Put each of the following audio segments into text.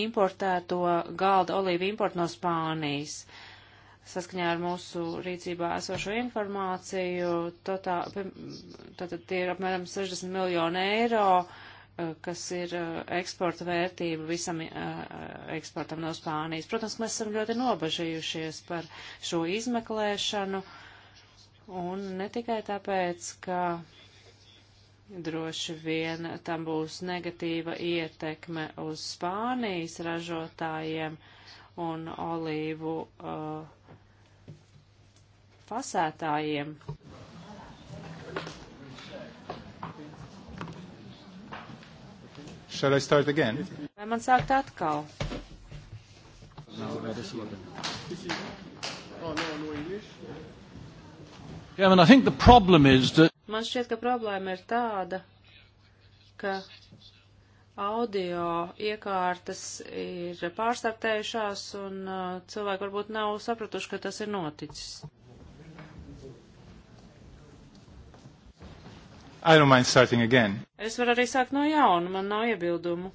importēto galda olīvu importu no Spānijas. Saskaņā ar mūsu rīcībā esošo informāciju, tātad tie ir apmēram 60 miljoni eiro, kas ir eksporta vērtība visam eksportam no Spānijas. Protams, mēs esam ļoti nobažījušies par šo izmeklēšanu, un ne tikai tāpēc, ka droši vien tam būs negatīva ietekme uz Spānijas ražotājiem un olīvu uh, fasētājiem. Shall I start again? Vai man sākt atkal? Yeah, I mean, I think the problem is that Man šķiet, ka problēma ir tāda, ka audio iekārtas ir pārstartējušās un uh, cilvēki varbūt nav sapratuši, ka tas ir noticis. I don't mind starting again. Es varu arī sākt no jauna, man nav iebildumu.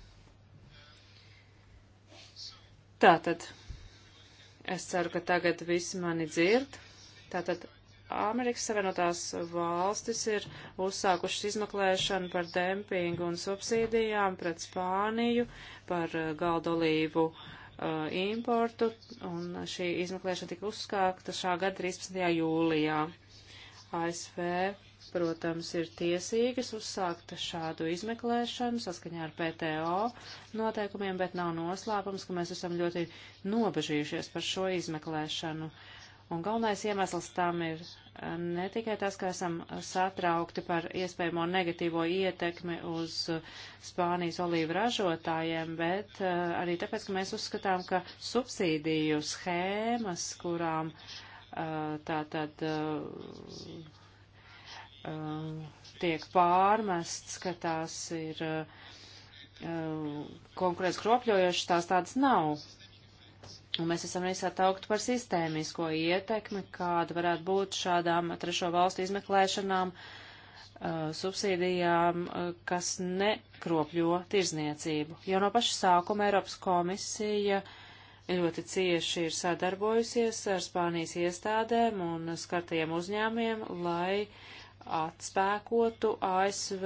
Tātad, es ceru, ka tagad visi mani dzird. Tātad Amerikas Savienotās valstis ir uzsākušas izmeklēšanu par dempingu un subsīdijām pret Spāniju par uh, galdolību uh, importu, un šī izmeklēšana tika uzskākta šā gada 13. jūlijā. ASV, protams, ir tiesīgas uzsākt šādu izmeklēšanu saskaņā ar PTO noteikumiem, bet nav noslēpums, ka mēs esam ļoti nobežījušies par šo izmeklēšanu. Uh, Un galvenais iemesls tam ir eh, ne tikai tas, ka esam satraukti par iespējamo negatīvo ietekmi uz eh, Spānijas olīvu ražotājiem, bet eh, arī tāpēc, ka mēs uzskatām, ka subsīdiju schēmas, kurām tātad tiek pārmests, ka tās ir konkurēts kropļojošas, tās tādas nav Un mēs esam arī sataukti par sistēmisko ietekmi, kāda varētu būt šādām trešo valstu izmeklēšanām, uh, subsīdijām, uh, kas nekropļo tirzniecību. Jau no paša sākuma Eiropas komisija ļoti cieši ir sadarbojusies ar Spānijas iestādēm un skartajiem uzņēmiem, lai atspēkotu ASV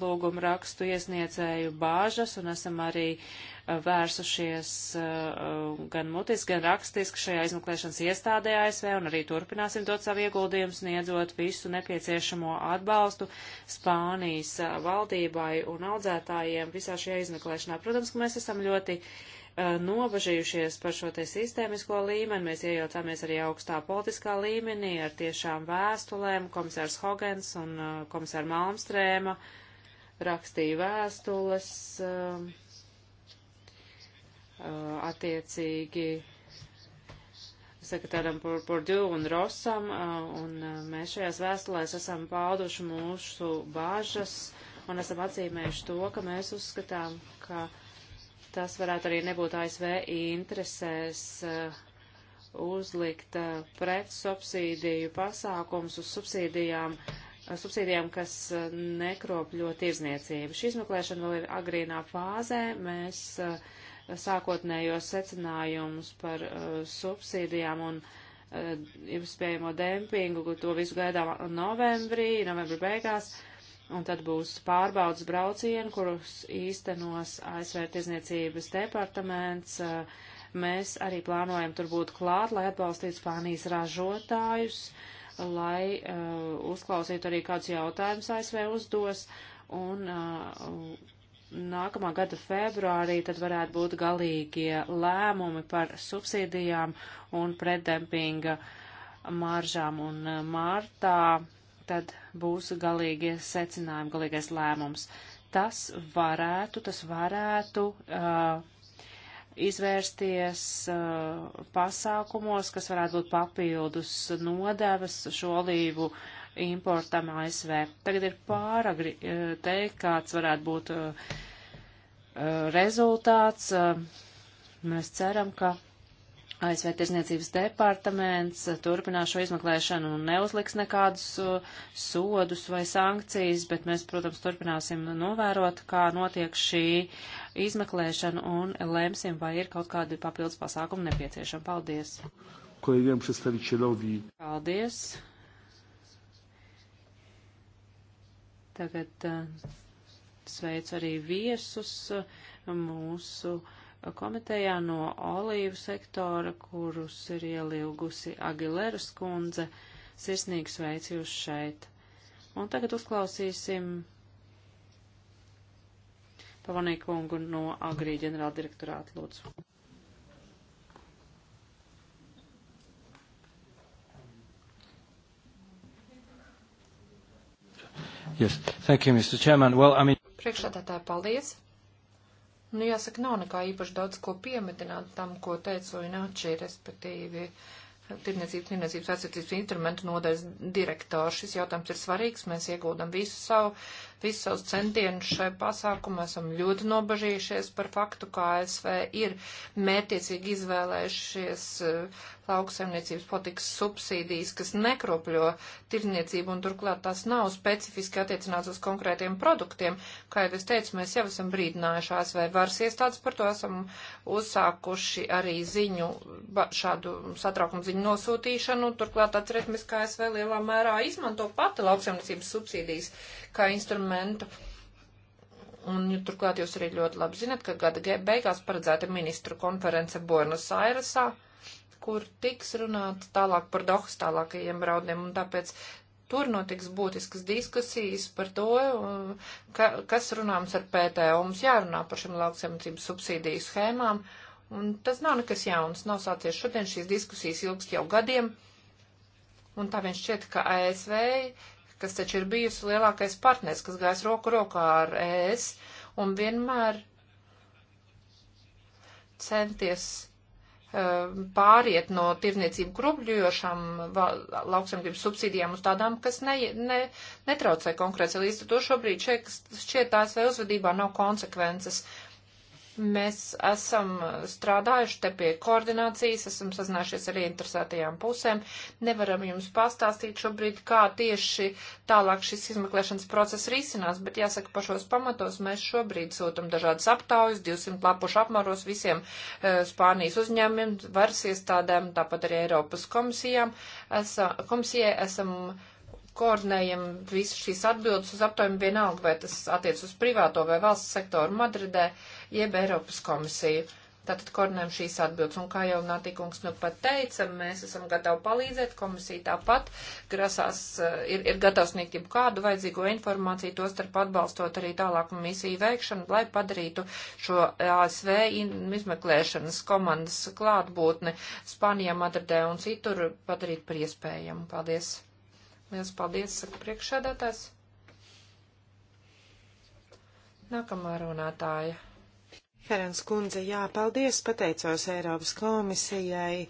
lūgumrakstu iesniedzēju bāžas un esam arī uh, vērsušies uh, gan mutiski, gan rakstiski šajā izmeklēšanas iestādē ASV un arī turpināsim dot savu ieguldījumu sniedzot visu nepieciešamo atbalstu Spānijas uh, valdībai un audzētājiem visā šajā izmeklēšanā. Protams, ka mēs esam ļoti uh, nobažījušies par šo te sistēmisko līmeni. Mēs iejaucāmies arī augstā politiskā līmenī ar tiešām vēstulēm. Komisārs Hogens un uh, komisāra Malmstrēma rakstīja vēstules. Uh, Uh, attiecīgi sekretāram Pordu un Rosam, uh, un uh, mēs šajās vēstulēs esam pauduši mūsu bāžas un esam atzīmējuši to, ka mēs uzskatām, ka tas varētu arī nebūt ASV interesēs uzlikt pret subsīdiju pasākums uz subsīdijām, subsīdijām, kas nekropļo tirzniecību. Šī izmeklēšana vēl ir agrīnā fāzē. Mēs uh, sākotnējos secinājumus par uh, subsīdijām un uh, iespējamo dempingu, to visu gaidām novembrī, novembra beigās, un tad būs pārbaudas braucieni, kurus īstenos ASV tirzniecības departaments. Uh, mēs arī plānojam tur būt klāt, lai atbalstītu Spānijas ražotājus, lai uh, uzklausītu arī kādus jautājumus ASV uzdos, un uh, nākamā gada februārī tad varētu būt galīgie lēmumi par subsīdijām un preddempinga maržām, un uh, martā tad būs galīgie secinājumi, galīgais lēmums. Tas varētu, tas varētu uh, izvērsties uh, pasākumos, kas varētu būt papildus nodevas šo olīvu uh, importam ASV. Tagad ir pāragri uh, teikt, kāds varētu būt uh, Eh, rezultāts. Eh, mēs ceram, ka ASV Tirzniecības departaments eh, turpinās šo izmeklēšanu un neuzliks nekādus sodus vai sankcijas, bet mēs, protams, turpināsim novērot, kā notiek šī izmeklēšana un lemsim, vai ir kaut kādi papildus pasākumi nepieciešami. Paldies! Kolēģiem predstaviteļovi. Paldies! Tagad. Uh, sveicu arī viesus uh, mūsu komitejā no olīvu sektora, kurus ir ielilgusi Agileras kundze. Sirsnīgi sveicu jūs šeit. Un tagad uzklausīsim Pavanī kungu no Agrī ģenerāldirektorāta lūdzu. Yes. Thank you, Mr. Chairman. Well, I mean... Priekšādātāji, paldies! Nu, jāsaka, nav nekā īpaši daudz ko piemetināt tam, ko teicu Ināči, respektīvi tirniecības aizsardzības instrumentu nodaļas direktors. Šis jautājums ir svarīgs. Mēs ieguldam visu savu, visu savus centienus šai pasākumā. Esam ļoti nobažījušies par faktu, kā ASV ir mērtiecīgi izvēlējušies uh, lauksaimniecības politikas subsīdijas, kas nekropļo tirniecību un turklāt tās nav specifiski attiecināts uz konkrētiem produktiem. Kā jau es teicu, mēs jau esam brīdinājuši ASV varas iestādes par to, esam uzsākuši arī ziņu, šādu satraukumu ziņu nosūtīšanu. Turklāt atcerēsimies, ka ASV lielā mērā izmanto pati lauksaimniecības subsīdijas kā instrumentu. Un turklāt jūs arī ļoti labi zinat, ka gada beigās paredzēta ministru konference Buenos Airesā, kur tiks runāts tālāk par Dohas tālākajiem raudiem. Un tāpēc Tur notiks būtiskas diskusijas par to, um, ka, kas runāms ar PTO. Mums jārunā par šiem lauksaimniecības subsīdiju schēmām Un tas nav nekas jauns, nav sācies šodien, šīs diskusijas ilgst jau gadiem. Un tā viņš šķiet, ka ASV, kas taču ir bijusi lielākais partners, kas gājas roku rokā ar ES, un vienmēr centies eh, pāriet no tirniecību grubļojošām lauksamgrības subsīdijām uz tādām, kas ne, ne, netraucē konkurence. Līdz ar to šobrīd šeit, šķiet ASV uzvedībā nav konsekvences Mēs esam strādājuši te pie koordinācijas, esam sazinājušies ar interesētajām pusēm. Nevaram jums pastāstīt šobrīd, kā tieši tālāk šis izmeklēšanas process risinās, bet jāsaka, pašos pamatos mēs šobrīd sūtam dažādas aptaujas, 200 lapušu apmaros visiem e, Spānijas uzņēmumiem, varas iestādēm, tāpat arī Eiropas komisijām. Esa, komisijai esam. Komisijai esam koordinējam visu šīs atbildes uz aptojumu vienalga, vai tas attiec uz privāto vai valsts sektoru Madridē, jeb Eiropas komisiju. Tātad koordinējam šīs atbildes, un kā jau Nātīkungs nu pat teica, mēs esam gatavi palīdzēt, komisija tāpat grasās, eh, ir, ir gatavs sniegt jau kādu vajadzīgo informāciju, to starp atbalstot arī tālāku misiju veikšanu, lai padarītu šo ASV izmeklēšanas komandas klātbūtni Spānijā, Madridē un citur padarīt par iespējamu. Paldies! Liels paldies, saka priekšsēdētājs. Nākamā runātāja. Herens kundze, jā, paldies, pateicos Eiropas komisijai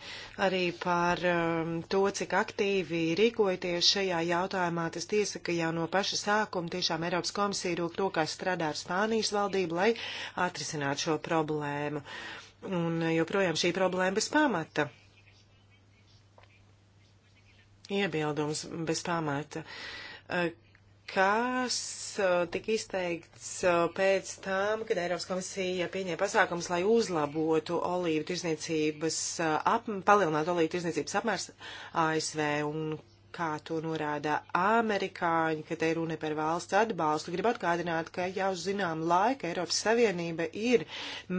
arī par um, to, cik aktīvi rīkojoties šajā jautājumā. Tas tiesa, ka jau no paša sākuma tiešām Eiropas komisija rūk to, kā strādā ar Spānijas valdību, lai atrisinātu šo problēmu. Un uh, joprojām šī problēma bez pamata iebildums bez pamata, eh, kas eh, tika izteikts eh, pēc tam, kad Eiropas komisija pieņēma pasākums, lai uzlabotu olīvu tirzniecības, ap, palielinātu olīvu tirzniecības apmērs ASV un kā to norāda amerikāņi, ka te runa par valsts atbalstu. Gribu atgādināt, ka jau zinām laika Eiropas Savienība ir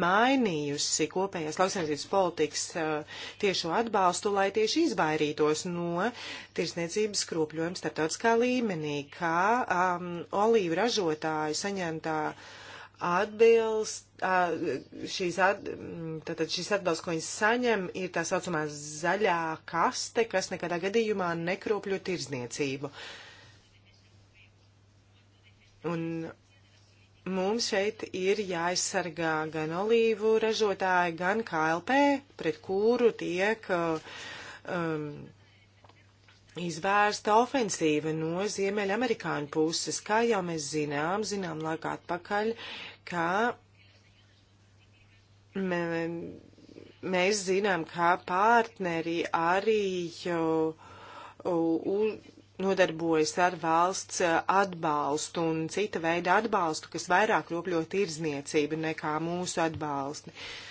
mainījusi kopējās lauksaimniecības politikas uh, tiešo atbalstu, lai tieši izvairītos no tirsniecības kropļojuma starptautiskā līmenī, kā um, olīvu ražotāju saņemtā uh, atbilst, šīs, at, mm, tātad šīs atbalsts, ko viņi saņem, ir tā saucamā zaļā kaste, kas nekādā gadījumā nekropļo tirzniecību. Un mums šeit ir jāaizsargā gan olīvu ražotāji, gan KLP, pret kuru tiek um, izvērsta ofensīva no Ziemeļamerikāņu puses. Kā jau mēs zinām, zinām laikā atpakaļ, uh, ka mēs zinām, kā partneri arī jau, u, nodarbojas ar valsts atbalstu un cita veida atbalstu, kas vairāk ropļo tirzniecību nekā mūsu atbalsti. Uh,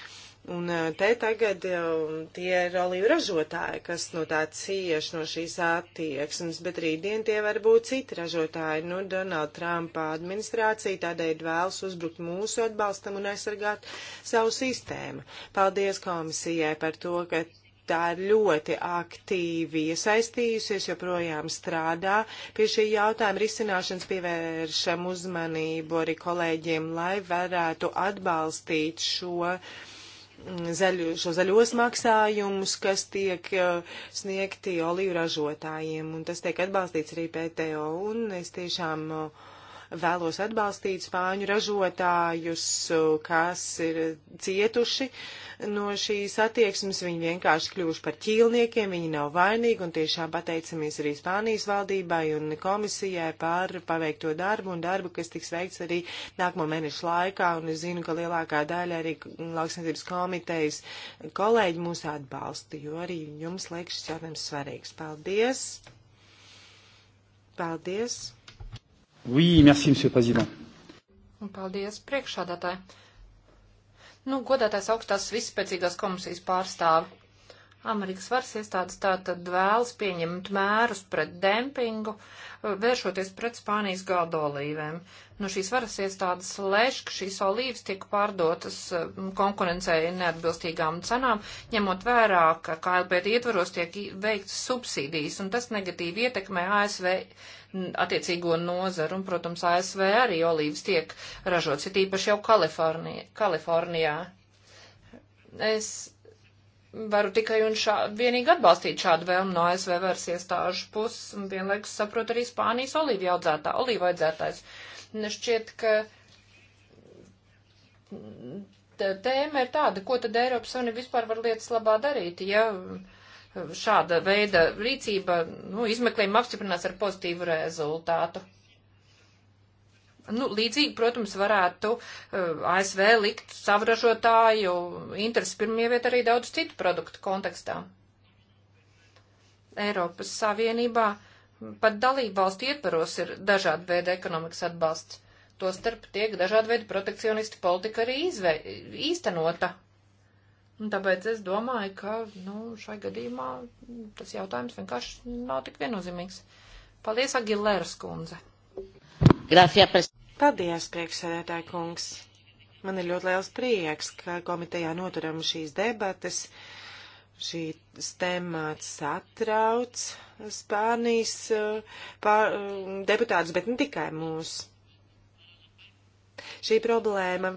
Un te tagad jau tie ir olīvu ražotāji, kas no nu, tā cieš no šīs attieksmes, bet rītdien tie var būt citi ražotāji. Nu, Donald Trumpa administrācija tādēļ vēlas uzbrukt mūsu atbalstam un aizsargāt savu sistēmu. Paldies komisijai par to, ka tā ir ļoti aktīvi iesaistījusies, joprojām strādā pie šī jautājuma risināšanas, pievēršam uzmanību arī kolēģiem, lai varētu atbalstīt šo uh, zaļu, šo zaļos maksājumus, kas tiek e, sniegti olīvu ražotājiem, un tas tiek atbalstīts arī PTO, un es tiešām uh, Vēlos atbalstīt spāņu ražotājus, eh, kas ir cietuši no šīs attieksmes. Viņi vienkārši kļuvuši par ķīlniekiem, viņi nav vainīgi un tiešām pateicamies arī Spānijas valdībai un komisijai par paveikto darbu un darbu, kas tiks veikts arī nākamo mēnešu laikā. Un es zinu, ka lielākā daļa arī lauksniecības komitejas kolēģi mūs atbalsta, jo arī jums liek šis jautājums svarīgs. Paldies! Paldies! Oui, merci, monsieur prezident. Un paldies priekšādātāji. Nu, godātais augstās vispēcīgās komisijas pārstāvi. Amerikas varas iestādes tātad vēlas pieņemt mērus pret dempingu, vēršoties pret Spānijas galda olīvēm. Nu, šīs varas iestādes lēš, ka šīs olīvas tiek pārdotas mm, konkurencei neatbilstīgām cenām, ņemot vērā, ka KLP ietvaros tiek veikts subsīdijas, un tas negatīvi ietekmē ASV mm, attiecīgo nozaru, un, protams, ASV arī olīvas tiek ražots, ir īpaši jau Kalifornijā. Kalifornijā. Es varu tikai un šā, vienīgi atbalstīt šādu vēlmu no ASV varas iestāžu puses, un vienlaikus saprotu arī Spānijas olīvu audzētā, olīvu audzētājs. Nešķiet, nu, ka tēma ir tāda, ko tad Eiropas Savienība vispār var lietas labā darīt, ja šāda veida rīcība, nu, izmeklējuma apstiprinās ar pozitīvu rezultātu. Nu, līdzīgi, protams, varētu uh, eh, ASV likt savražotāju interesi pirmie viet arī daudz citu produktu kontekstā. Eiropas Savienībā pat dalību valstu ietvaros ir dažādi veidi ekonomikas atbalsts. Tostarp tiek dažādi veidi protekcionisti politika arī izve, īstenota. Un tāpēc es domāju, ka nu, šai gadījumā tas jautājums vienkārši nav tik viennozīmīgs. Paldies, Agilēras kundze! Grāfijas. Paldies, priekšsēdētāji kungs. Man ir ļoti liels prieks, ka komitejā noturam šīs debates. Šīs temāts satrauc Spānijas eh, pār, eh, deputātus, bet ne tikai mūs. Šī problēma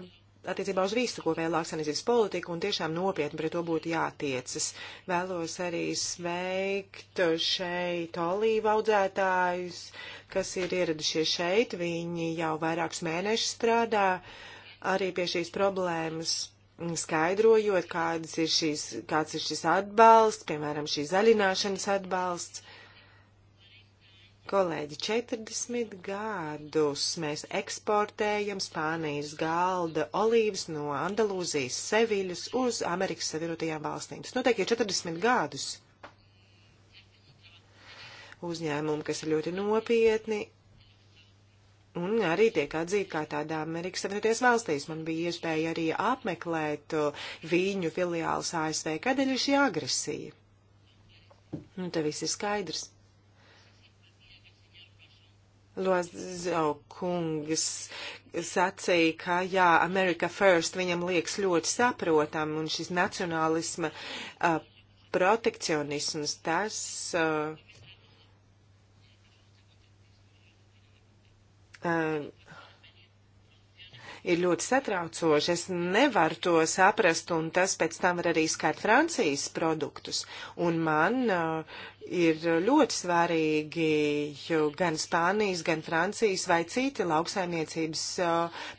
attiecībā uz visu kopēju lauksanizības politiku un tiešām nopietni pret to būtu jātiecas. Vēlos arī sveikt šeit olīvu audzētājus, kas ir ieradušies šeit. Viņi jau vairākus mēnešus strādā arī pie šīs problēmas skaidrojot, kādas ir šīs, kāds ir šis atbalsts, piemēram, šī zaļināšanas atbalsts. Uh, Kolēģi, 40 gadus mēs eksportējam Spānijas galda olīvas no Andalūzijas Seviļas uz Amerikas Savienotajām valstīm. Tas notiek jau 40 gadus. Uzņēmumi, kas ir ļoti nopietni, un arī tiek atzīti kā tādā Amerikas Savienotajās valstīs. Man bija iespēja arī apmeklēt viņu filiāls ASV. Kādēļ ir šī agresija? Nu, te viss ir skaidrs. Lozo kungs sacīja, ka jā, America First viņam liekas ļoti saprotam un šis nacionālisma uh, protekcionisms, tas. Uh, uh, ir ļoti satraucoši. Es nevaru to saprast, un tas pēc tam var arī skart Francijas produktus. Un man uh, ir ļoti svarīgi gan Spānijas, gan Francijas vai citi lauksaimniecības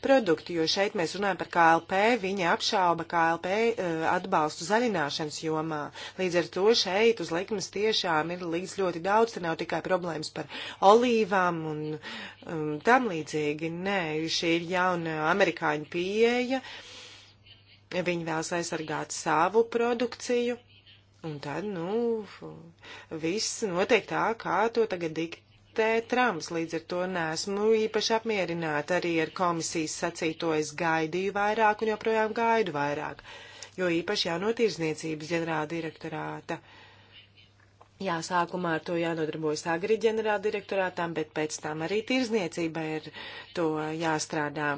produkti, jo šeit mēs runājam par KLP, viņa apšauba KLP atbalstu zaļināšanas jomā. Līdz ar to šeit uz likmes tiešām ir līdz ļoti daudz, te nav tikai problēmas par olīvām un um, tam līdzīgi. Nē, šī ir jauna amerikāņu pieeja. Viņi vēlas aizsargāt savu produkciju Un tad, nu, viss notiek tā, kā to tagad diktē Trumps. Līdz ar to neesmu īpaši apmierināta arī ar komisijas sacīto. Es gaidīju vairāk un joprojām gaidu vairāk, jo īpaši jāno tirzniecības ģenerāla direktorāta. Jā, sākumā ar to jānodarbojas agri ģenerāla direktorātām, bet pēc tam arī tirzniecībai ir to jāstrādā.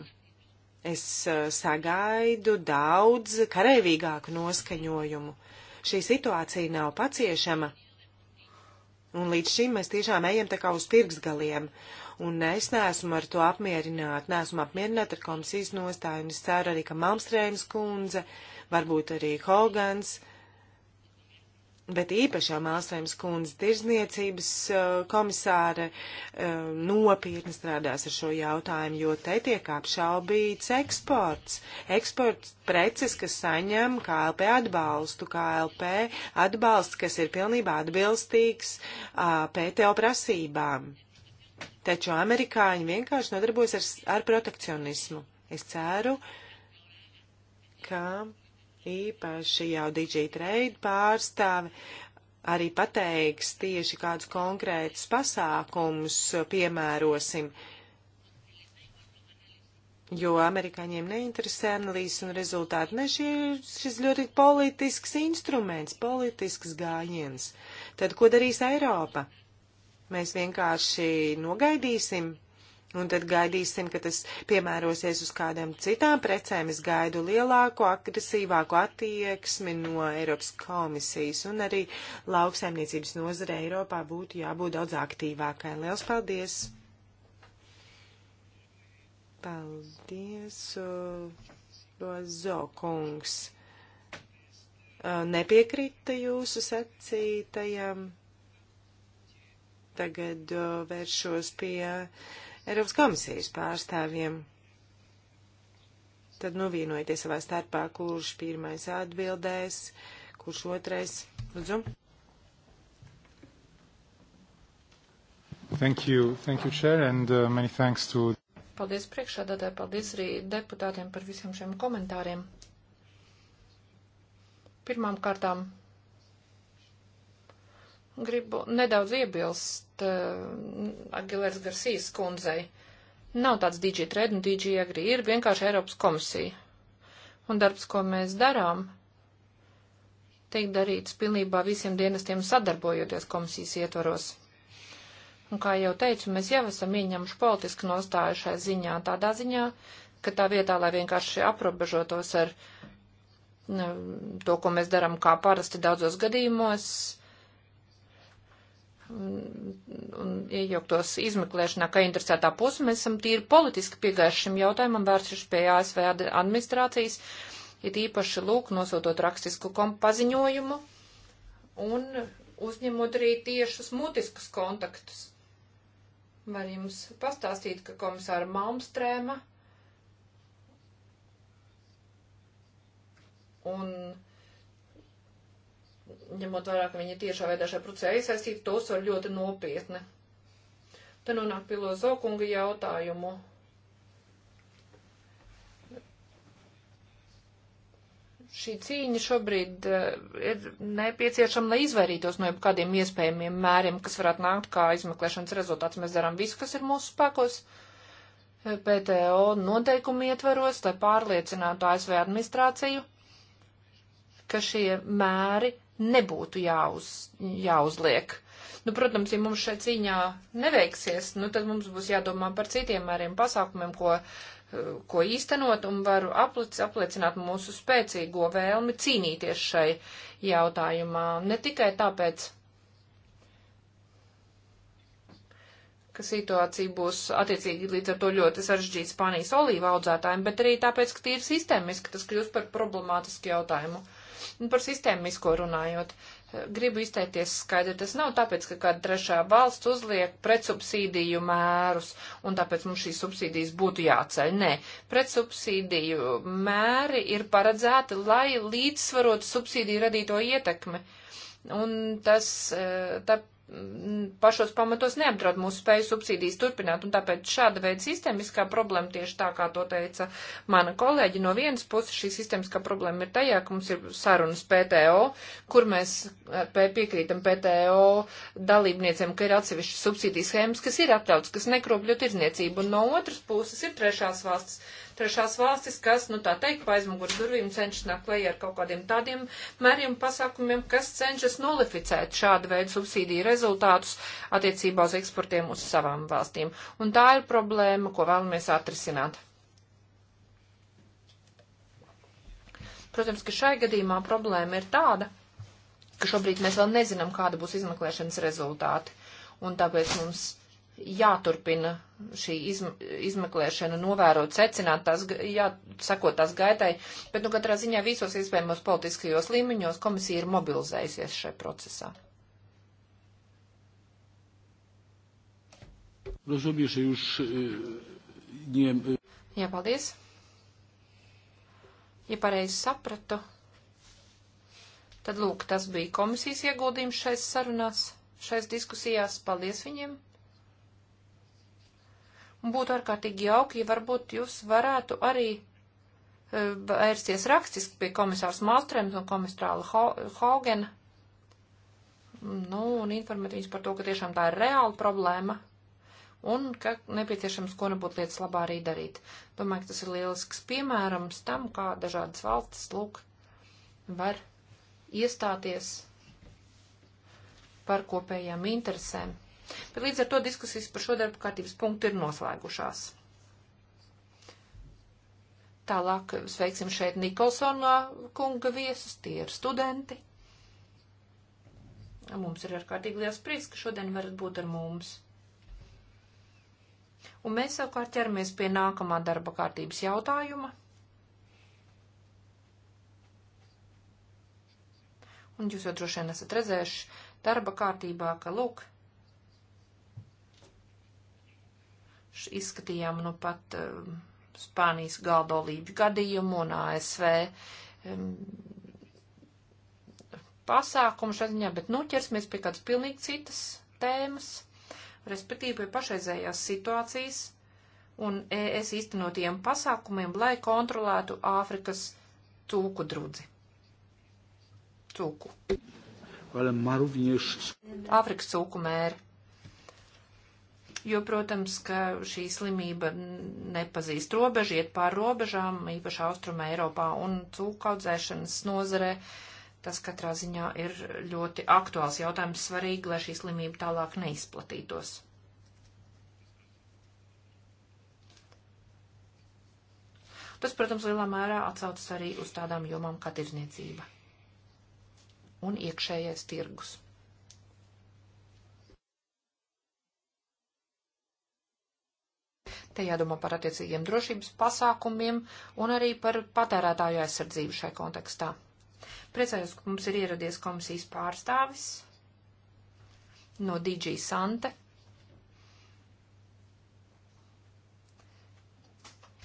Es eh, sagaidu daudz karavīgāku noskaņojumu šī situācija nav paciešama. Un līdz šim mēs tiešām ejam tā kā uz pirksgaliem. Un es neesmu ar to apmierināta, neesmu apmierināta ar komisijas nostāju, un es ceru arī, ka Malmstrēms kundze, varbūt arī Hogans, Bet īpašā Mālsēmas kundze tirzniecības eh, komisāre eh, nopietni strādās ar šo jautājumu, jo te tiek apšaubīts eksports. Eksports preces, kas saņem KLP atbalstu, KLP atbalsts, kas ir pilnībā atbilstīgs eh, PTO prasībām. Taču amerikāņi vienkārši nodarbojas ar, ar protekcionismu. Es ceru, ka īpaši jau DigiTrade pārstāvi arī pateiks tieši kādus konkrētus pasākumus piemērosim, jo amerikāņiem neinteresē analīzes un rezultāti. Ne šī, šis ļoti politisks instruments, politisks gājiens. Tad ko darīs Eiropa? Mēs vienkārši nogaidīsim, Un tad gaidīsim, ka tas piemērosies uz kādām citām precēm. Es gaidu lielāku, agresīvāku attieksmi no Eiropas komisijas un arī lauksaimniecības nozare Eiropā būtu jābūt daudz aktīvākai. Liels paldies! Paldies, Lozo kungs! Nepiekrita jūsu sacītajam. Tagad vēršos pie Eiropas komisijas pārstāvjiem. Tad novīnojieties savā starpā, kurš pirmais atbildēs, kurš otrais. Lūdzu. Thank you, thank you, Chair, and uh, many thanks to. Paldies priekšādātāji, paldies arī deputātiem par visiem šiem komentāriem. Pirmām kārtām gribu nedaudz iebilst uh, eh, Agilērs Garcijas kundzei. Nav tāds DJ Trade un DJ Agri, ir vienkārši Eiropas komisija. Un darbs, ko mēs darām, tiek darīts pilnībā visiem dienestiem sadarbojoties komisijas ietvaros. Un kā jau teicu, mēs jau esam ieņemuši politiski nostāju šai ziņā tādā ziņā, ka tā vietā, lai vienkārši aprobežotos ar ne, to, ko mēs darām kā parasti daudzos gadījumos, un, un iejauktos izmeklēšanā, kā interesētā puse, mēs esam tīri politiski piegājuši šim jautājumam, vērsuši pie ASV administrācijas, ir īpaši lūk nosūtot rakstisku paziņojumu un uzņemot arī tiešus mutiskus kontaktus. Var jums pastāstīt, ka komisāra Malmstrēma un ņemot vērā, ka viņi tiešā veidā šajā procesā iesaistīti, to uzsver ļoti nopietni. Te nonāk pie Lozokunga jautājumu. šī cīņa šobrīd eh, ir nepieciešama, lai izvairītos no jebkādiem iespējamiem mēriem, kas varētu nākt kā izmeklēšanas rezultāts. Mēs darām visu, kas ir mūsu spēkos. Eh, PTO noteikumi ietvaros, lai pārliecinātu ASV administrāciju, ka šie mēri nebūtu jāuz, jāuzliek. Nu, protams, ja mums šai cīņā neveiksies, nu, tad mums būs jādomā par citiem mēriem pasākumiem, ko, ko īstenot, un varu apliecināt mūsu spēcīgo vēlmi cīnīties šai jautājumā. Ne tikai tāpēc, ka situācija būs attiecīgi līdz ar to ļoti sarežģīta Spānijas olīva audzētājiem, bet arī tāpēc, ka tīri sistēmiski tas kļūst par problemātisku jautājumu. Un nu, par sistēmisko runājot, gribu izteikties skaidri, tas nav tāpēc, ka kāda trešā valsts uzliek pretsubsīdiju mērus, un tāpēc mums šīs subsīdijas būtu jāceļ. Nē, pretsubsīdiju mēri ir paredzēti, lai līdzsvarotu subsīdiju radīto ietekmi. Un tas, eh, tā, pašos pamatos neapdraud mūsu spēju subsīdijas turpināt, un tāpēc šāda veida sistēmiskā problēma tieši tā, kā to teica mana kolēģi, no vienas puses šī sistēmiskā problēma ir tajā, ka mums ir sarunas PTO, kur mēs eh, piekrītam PTO dalībniecēm, ka ir atsevišķas subsīdijas schēmas, kas ir atļauts, kas nekropļo tirdzniecību, un no otras puses ir trešās valsts trešās valstis, kas, nu tā teikt, pa aizmugurs durvīm cenšas nākt klajā ar kaut kādiem tādiem mēriem pasākumiem, kas cenšas nolificēt šādu veidu subsīdiju rezultātus attiecībā uz eksportiem uz savām valstīm. Un tā ir problēma, ko vēlamies atrisināt. Protams, ka šai gadījumā problēma ir tāda, ka šobrīd mēs vēl nezinām, kāda būs izmeklēšanas rezultāti. Un tāpēc mums jāturpina šī izm izmeklēšana, novērot, secināt tās, jāsakot tās gaitai, bet, nu, katrā ziņā visos iespējamos politiskajos līmeņos komisija ir mobilizējusies šai procesā. Rozumiem, že už ņem. E, jā, paldies. Ja pareizi sapratu, tad lūk, tas bija komisijas ieguldījums šais sarunās, šais diskusijās. Paldies viņiem! Būtu ārkārtīgi jauki, ja varbūt jūs varētu arī e, vērsties rakstiski pie komisārs Malstrēms un komisāra Hogena. Nu, un informēt viņus par to, ka tiešām tā ir reāla problēma un ka nepieciešams, ko nebūtu lietas labā arī darīt. Domāju, ka tas ir lielisks piemērams tam, kā dažādas valstis, lūk, var iestāties par kopējām interesēm. Bet līdz ar to diskusijas par šo darbu kārtības punktu ir noslēgušās. Tālāk sveiksim šeit Nikolsonā kunga viesus, tie ir studenti. Mums ir ārkārtīgi liels prieks, ka šodien varat būt ar mums. Un mēs savukārt ķeramies pie nākamā darba kārtības jautājuma. Un jūs jau droši vien esat redzējuši darba kārtībā, ka lūk, izskatījām nu pat um, Spānijas galdolību gadījumu un ASV um, pasākumu šadiņā, bet nu ķersimies pie kādas pilnīgi citas tēmas, respektīvi pie pašreizējās situācijas un ES īstenotiem pasākumiem, lai kontrolētu Āfrikas cūku drudzi. Cūku. Āfrikas cūku mēri jo, protams, ka šī slimība nepazīst robežu, iet pār robežām, īpaši austruma Eiropā un cūkaudzēšanas nozarē. Tas katrā ziņā ir ļoti aktuāls jautājums, svarīgi, lai šī slimība tālāk neizplatītos. Tas, protams, lielā mērā atsaucas arī uz tādām jomām kā tirzniecība un iekšējais tirgus. te jādomā par attiecīgiem drošības pasākumiem un arī par patērētāju aizsardzību šai kontekstā. Priecājos, ka mums ir ieradies komisijas pārstāvis no DG Sante.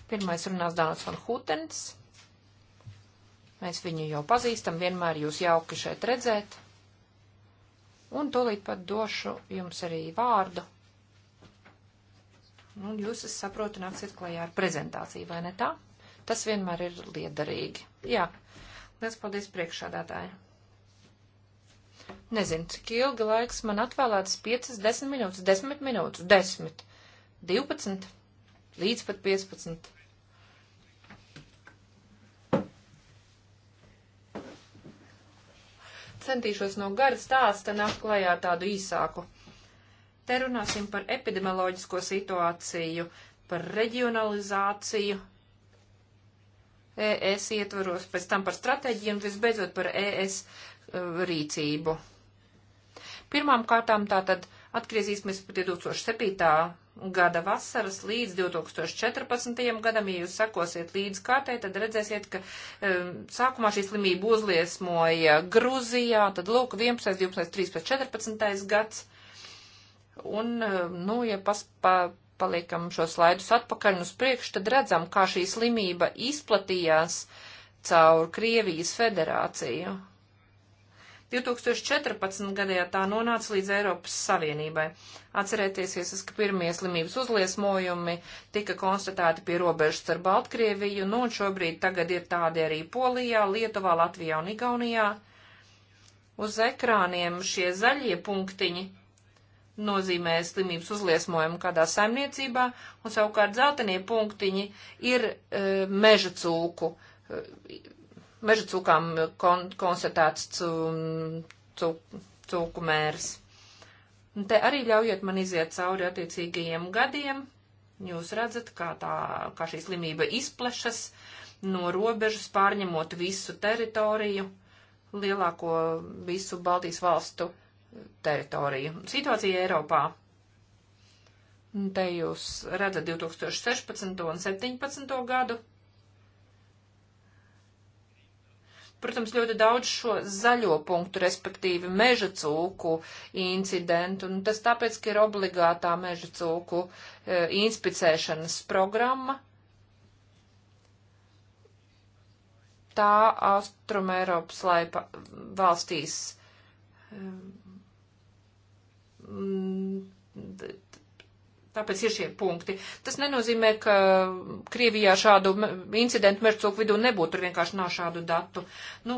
Pirmais runās Dānis Van Hutens. Mēs viņu jau pazīstam, vienmēr jūs jauki šeit redzēt. Un tūlīt pat došu jums arī vārdu Nu, un jūs, es saprotu, nāksiet klajā ar prezentāciju, vai ne tā? Tas vienmēr ir liederīgi. Jā. Liels paldies priekšādātāji. Nezinu, cik ilgi laiks man atvēlētas 5, 10 minūtes, 10 minūtes, 10, 12, līdz pat 15. Centīšos no gara stāsta nākt klajā tādu īsāku Te runāsim par epidemioloģisko situāciju, par reģionalizāciju, ES ietvaros, pēc tam par stratēģiju un visbeidzot par ES e, rīcību. Pirmām kārtām tātad atgriezīsimies pie 2007. gada vasaras līdz 2014. gadam. Ja jūs sakosiet līdz kārtai, tad redzēsiet, ka um, sākumā šī slimība uzliesmoja Gruzijā, tad lūk 11, 12, 13, 14 gads Un, eh, nu, ja pas, pa, paliekam šo slaidus atpakaļ un uz priekšu, tad redzam, kā šī slimība izplatījās caur Krievijas federāciju. 2014. gadā tā nonāca līdz Eiropas Savienībai. Atcerēties, ka pirmie slimības uzliesmojumi tika konstatēti pie robežas ar Baltkrieviju, nu un šobrīd tagad ir tādi arī Polijā, Lietuvā, Latvijā un Igaunijā. Uz ekrāniem šie zaļie punktiņi nozīmē slimības uzliesmojumu kādā saimniecībā, un savukārt zeltenie punktiņi ir e, meža cūku, e, meža cūkām kon, konstatēts cū, cū, cūku mērs. Un te arī ļaujiet man iziet cauri attiecīgajiem gadiem. Jūs redzat, kā, tā, kā šī slimība izplešas no robežas, pārņemot visu teritoriju, lielāko visu Baltijas valstu teritoriju. Situācija Eiropā. Te jūs redzat 2016. un 2017. gadu. Protams, ļoti daudz šo zaļo punktu, respektīvi meža cūku incidentu, un tas tāpēc, ka ir obligātā meža cūku e, inspicēšanas programma, tā Austrumēropas laipa valstīs e, Mm, tāpēc ir šie punkti. Tas nenozīmē, ka Krievijā šādu incidentu mērķcūku vidū nebūtu, tur vienkārši nav šādu datu. Nu,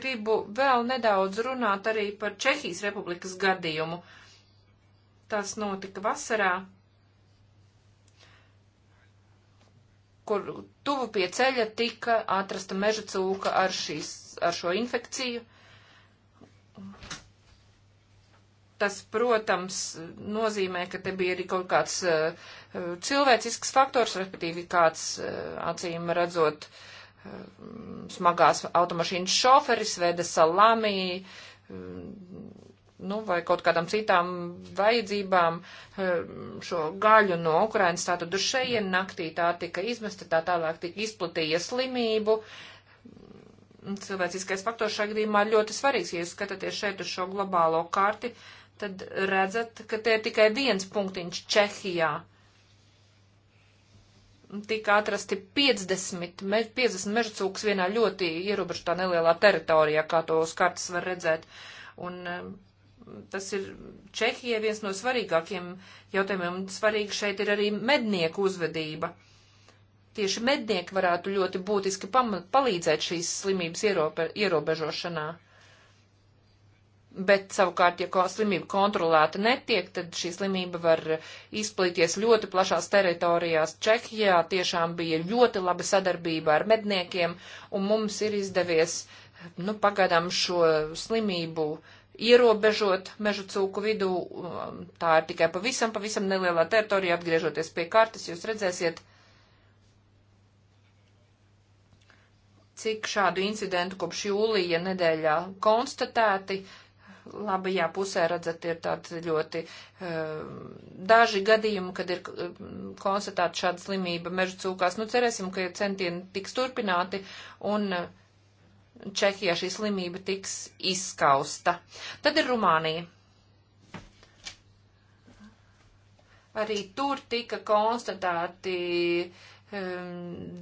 gribu vēl nedaudz runāt arī par Čehijas republikas gadījumu. Tas notika vasarā. kur tuvu pie ceļa tika atrasta meža cūka ar, šīs, ar šo infekciju. Tas, protams, nozīmē, ka te bija arī kaut kāds uh, cilvēcisks faktors, respektīvi kāds uh, acīm redzot uh, smagās automašīnas šoferis, veda salāmī, uh, nu, vai kaut kādām citām vajadzībām eh, šo gaļu no Ukrainas. Tātad uz šeien naktī tā tika izmesta, tā tālāk tika izplatīja slimību. Cilvēciskais faktors šajā gadījumā ļoti svarīgs. Ja jūs skatāties šeit uz šo globālo karti, tad redzat, ka te ir tikai viens punktiņš Čehijā. Tika atrasti 50, me, 50 meža cūks vienā ļoti ierobežotā nelielā teritorijā, kā to uz kartes var redzēt. Un eh, tas ir Čehijai viens no svarīgākiem jautājumiem, un svarīgi šeit ir arī mednieku uzvedība. Tieši mednieki varētu ļoti būtiski palīdzēt šīs slimības ierobe ierobežošanā. Bet savukārt, ja slimība kontrolēta netiek, tad šī slimība var izplīties ļoti plašās teritorijās. Čehijā tiešām bija ļoti laba sadarbība ar medniekiem, un mums ir izdevies, nu, pagaidām šo slimību uh, ierobežot mežu cūku vidū. Um, tā ir tikai pavisam, pavisam nelielā teritorija. Atgriežoties pie kartes, jūs redzēsiet, cik šādu incidentu kopš jūlija nedēļā konstatēti. Labajā pusē redzat, ir tādi ļoti um, daži gadījumi, kad ir um, konstatēta šāda slimība mežu cūkās. Nu, cerēsim, ka centieni tiks turpināti un uh, Čehijā šī slimība tiks izskausta. Tad ir Rumānija. Arī tur tika konstatēti um,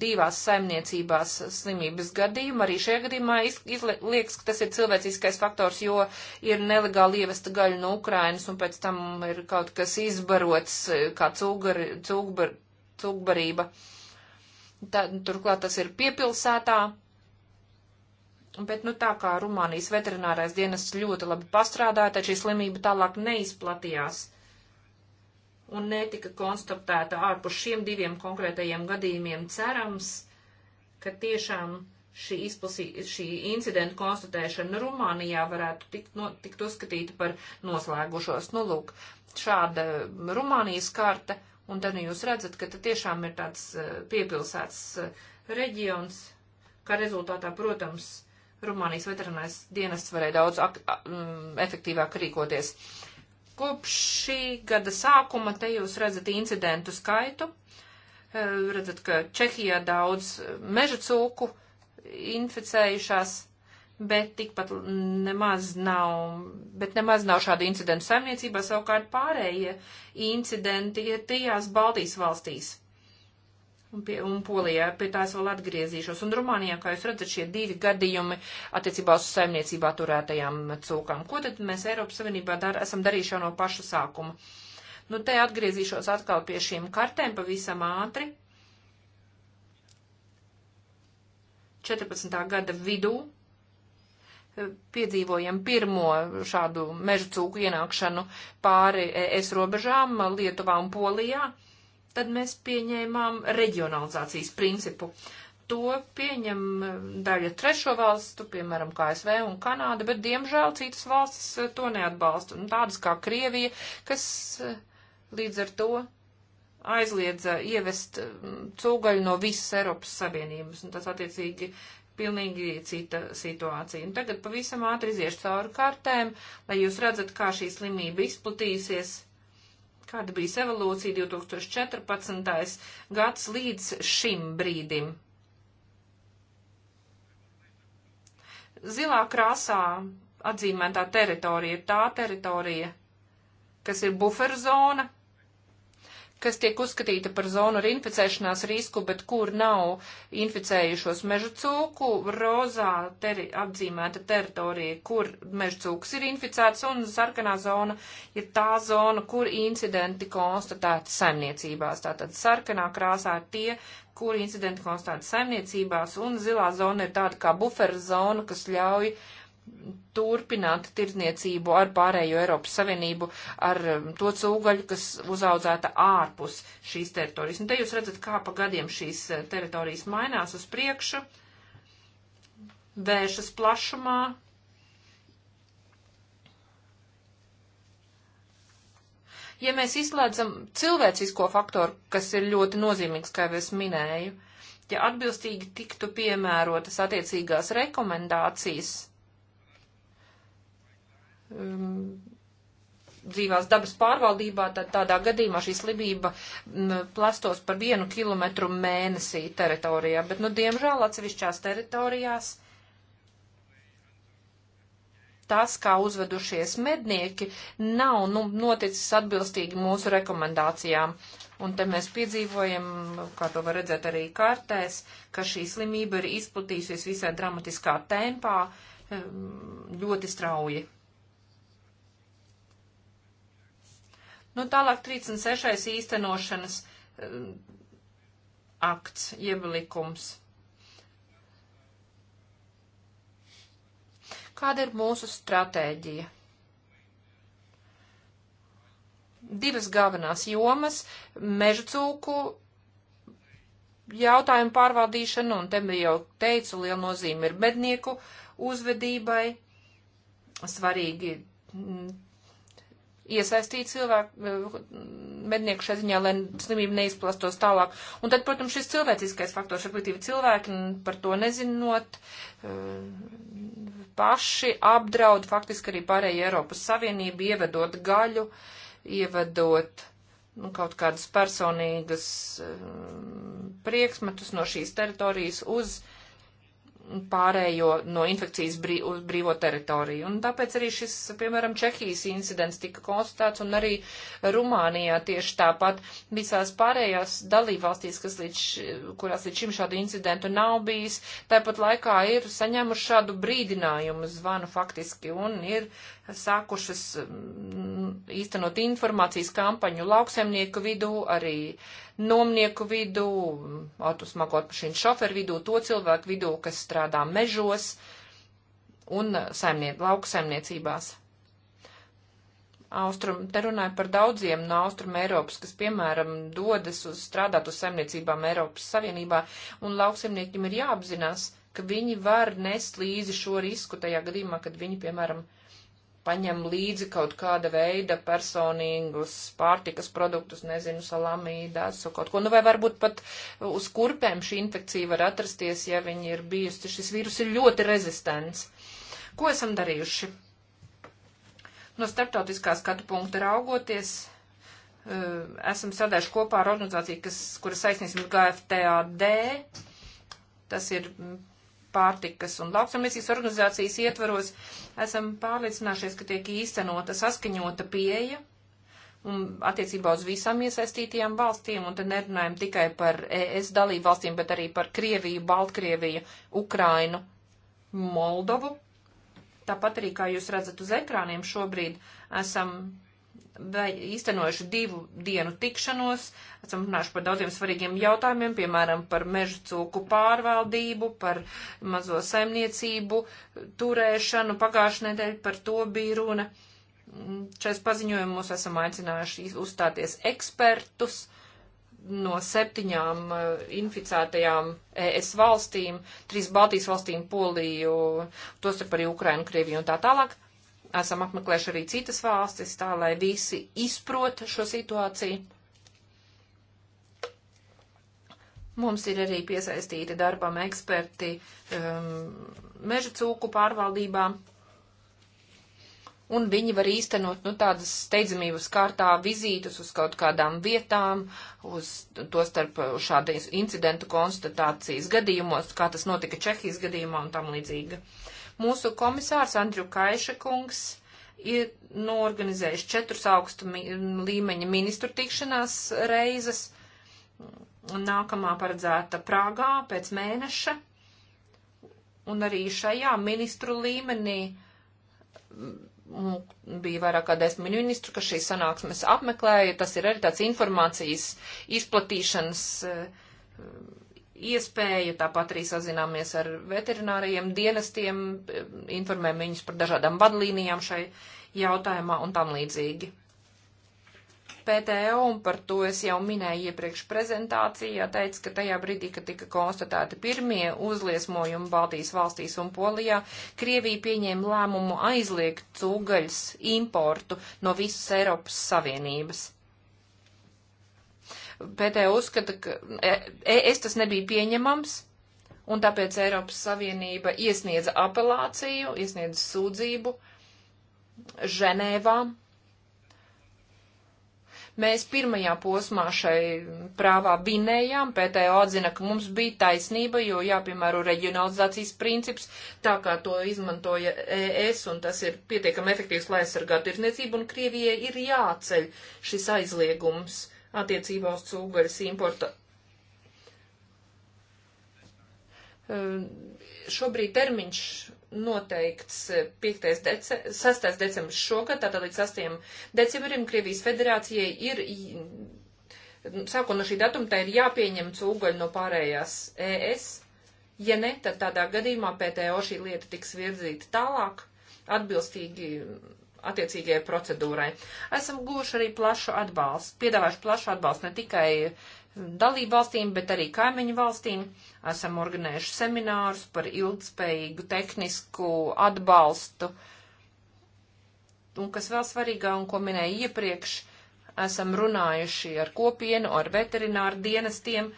divās saimniecībās slimības gadījumi. Arī šajā gadījumā izliekas, ka tas ir cilvēciskais faktors, jo ir nelegāli ievesta gaļa no Ukrainas un pēc tam ir kaut kas izbarots kā cūgari, cūgbar, cūgbarība. Tā, turklāt tas ir piepilsētā Bet, nu, tā kā Rumānijas veterinārais dienests ļoti labi pastrādāja, tad šī slimība tālāk neizplatījās un netika konstatēta ārpus šiem diviem konkrētajiem gadījumiem. Cerams, ka tiešām šī, izplasī, šī incidenta konstatēšana Rumānijā varētu tikt, no, tikt uzskatīta par noslēgušos. Nu, lūk, šāda Rumānijas karta, un tad nu jūs redzat, ka tiešām ir tāds eh, piepilsēts eh, reģions, kā rezultātā, protams, Rumānijas veterinārais dienests varēja daudz ak, um, efektīvāk rīkoties. Kopš šī gada sākuma te jūs redzat incidentu skaitu, eh, redzat, ka Čehijā daudz eh, meža cūku inficējušās, bet tikpat nemaz nav, bet nemaz nav šādu incidentu saimniecībā, savukārt pārējie incidenti ir trijās Baltijas valstīs. Un, pie, un Polijā pie tās vēl atgriezīšos. Un Rumānijā, kā jūs redzat, šie divi gadījumi attiecībā uz saimniecībā turētajām cūkām. Ko tad mēs Eiropas Savienībā dar, esam darījuši jau no paša sākuma? Nu, te atgriezīšos atkal pie šīm kartēm pavisam ātri. 14. gada vidū eh, piedzīvojam pirmo šādu meža cūku ienākšanu pāri es robežām Lietuvā un Polijā tad mēs pieņēmām reģionalizācijas principu. To pieņem eh, daļa trešo valstu, piemēram, KSV un Kanāda, bet, diemžēl, citas valstis eh, to neatbalsta. Un tādas kā Krievija, kas eh, līdz ar to aizliedza ievest mm, cūgaļu no visas Eiropas Savienības. Un tas, attiecīgi, pilnīgi cita situācija. Un tagad pavisam ātri iziešu cauri kartēm, lai jūs redzat, kā šī slimība izplatīsies Kāda bija evolūcija 2014. gads līdz šim brīdim? Zilā krāsā atzīmētā teritorija ir tā teritorija, kas ir buferzona, kas tiek uzskatīta par zonu ar inficēšanās risku, bet kur nav inficējušos mežu cūku, rozā teri, apzīmēta teritorija, kur mežu cūks ir inficēts, un sarkanā zona ir tā zona, kur incidenti konstatēti saimniecībās. Tātad sarkanā krāsā ir tie, kur incidenti konstatēti saimniecībās, un zilā zona ir tāda kā buferzona, kas ļauj uh, turpināt tirdzniecību ar pārējo Eiropas Savienību, ar um, to cūgaļu, kas uzaudzēta ārpus šīs teritorijas. Un nu, te jūs redzat, kā pa gadiem šīs uh, teritorijas mainās uz priekšu, vēršas plašumā. Ja mēs izslēdzam cilvēcisko faktoru, kas ir ļoti nozīmīgs, kā jau es minēju, ja atbilstīgi tiktu piemērotas attiecīgās rekomendācijas, um, dzīvās dabas pārvaldībā, tad tādā gadījumā šī slimība plastos par vienu kilometru mēnesī teritorijā. Bet, nu, diemžēl atsevišķās teritorijās tas, kā uzvedušies mednieki, nav nu, noticis atbilstīgi mūsu rekomendācijām. Un te mēs piedzīvojam, kā to var redzēt arī kartēs, ka šī slimība ir izplatījusies visai dramatiskā tempā um, ļoti strauji. Nu, tālāk 36. īstenošanas um, akts, jeb likums. Kāda ir mūsu stratēģija? Divas galvenās jomas - meža cūku jautājumu pārvaldīšana, un te jau teicu, liela nozīme ir mednieku uzvedībai. Svarīgi mm, iesaistīt cilvēku eh, mednieku šai ziņā, lai slimība neizplastos tālāk. Un tad, protams, šis cilvēciskais faktors, respektīvi cilvēki par to nezinot, eh, paši apdraud faktiski arī pārējai Eiropas Savienību, ievedot gaļu, ievedot nu, kaut kādas personīgas eh, prieksmetus no šīs teritorijas uz pārējo no infekcijas brī, uz brīvo teritoriju. Un tāpēc arī šis, piemēram, Čehijas incidents tika konstatēts un arī Rumānijā tieši tāpat visās pārējās dalībvalstīs, kas līdz, kurās līdz šim šādu incidentu nav bijis, tāpat laikā ir saņēmuši šādu brīdinājumu zvanu faktiski un ir sākušas mm, īstenot informācijas kampaņu lauksemnieku vidū, arī uh, nomnieku vidū, autusmago atpašīnu šoferu vidū, to cilvēku vidū, kas strādā mežos un saimnie, lauku saimniecībās. Austrum, te runāju par daudziem no Austrum Eiropas, kas, piemēram, dodas uz strādāt uz saimniecībām Eiropas Savienībā, un lauksaimniekiem ir jāapzinās, ka viņi var nest līdzi šo risku tajā gadījumā, kad viņi, piemēram, uh, paņem līdzi kaut kāda veida personīgus pārtikas produktus, nezinu, salamīdās vai kaut ko. Nu, vai varbūt pat uz kurpēm šī infekcija var atrasties, ja viņi ir bijusi. Šis vīrus ir ļoti rezistents. Ko esam darījuši? No starptautiskā skatu punkta raugoties, eh, esam sadējuši kopā ar organizāciju, kas, kuras saistības ir GFTAD. Tas ir pārtikas un lauksamniecības organizācijas ietvaros, esam pārliecinājušies, ka tiek īstenota saskaņota pieeja un attiecībā uz visām iesaistītajām valstīm, un te nerunājam tikai par ES dalību valstīm, bet arī par Krieviju, Baltkrieviju, Ukrainu, Moldovu. Tāpat arī, kā jūs redzat uz ekrāniem šobrīd, esam vai īstenojuši divu dienu tikšanos, esam runājuši par daudziem svarīgiem jautājumiem, piemēram, par mežu cūku pārvaldību, par mazo saimniecību, turēšanu, pagājušajā nedēļā par to bija runa. Šais paziņojumos esam aicinājuši uzstāties ekspertus no septiņām uh, inficētajām ES valstīm, trīs Baltijas valstīm, Poliju, tos ir par Ukrainu, Krieviju un tā tālāk Esam apmeklējuši arī citas valstis, tā lai visi izprot šo situāciju. Mums ir arī piesaistīti darbam eksperti um, meža cūku pārvaldībā, un viņi var īstenot nu, tādas steidzamības kārtā vizītes uz kaut kādām vietām, uz to starp šādu incidentu konstatācijas gadījumos, kā tas notika Čehijas gadījumā un tam līdzīga. Uh, Mūsu komisārs Andriu Kaišekungs ir norganizējis četrus augstu līmeņa ministru tikšanās reizes. Nākamā paredzēta Prāgā pēc mēneša. Un arī šajā ministru līmenī mm, bija vairāk kā desmit ministru, kas šīs sanāksmes apmeklēja. Tas ir arī tāds informācijas izplatīšanas uh, iespēja, tāpat arī sazināmies ar veterinārajiem dienestiem, informējam viņus par dažādām vadlīnijām šai jautājumā un tam līdzīgi. PTO, un par to es jau minēju iepriekš prezentācijā, teica, ka tajā brīdī, kad tika konstatēti pirmie uzliesmojumi Baltijas valstīs un Polijā, Krievija pieņēma lēmumu aizliegt cūgaļas importu no visas Eiropas Savienības. PTO uzskata, ka e, e, es tas nebija pieņemams, un tāpēc Eiropas Savienība iesniedza apelāciju, iesniedza sūdzību Ženēvā. Mēs pirmajā posmā šai prāvā vinējām, PTO atzina, ka mums bija taisnība, jo jāpiemēro reģionalizācijas princips, tā kā to izmantoja ES, un tas ir pietiekami efektīvs, lai aizsargātu tirzniecību, un Krievijai ir jāceļ šis aizliegums. Uh, attiecībā uz cūgaļas importa. Ehm, šobrīd termiņš noteikts 5. Dece, 6. decembris šogad, tātad līdz 8. decembrim Krievijas federācijai ir, sākot no šī datuma, tā ir jāpieņem cūgaļi no pārējās ES. Ja ne, tad tādā gadījumā PTO šī lieta tiks virzīta tālāk, atbilstīgi attiecīgajai procedūrai. Esam guvuši arī plašu atbalstu, piedāvājuši plašu atbalstu ne tikai dalību valstīm, bet arī kaimiņu valstīm. Esam organizējuši seminārus par ilgspējīgu tehnisku atbalstu. Un kas vēl svarīgāk, un ko minēju iepriekš, esam runājuši ar kopienu, ar veterināru dienestiem,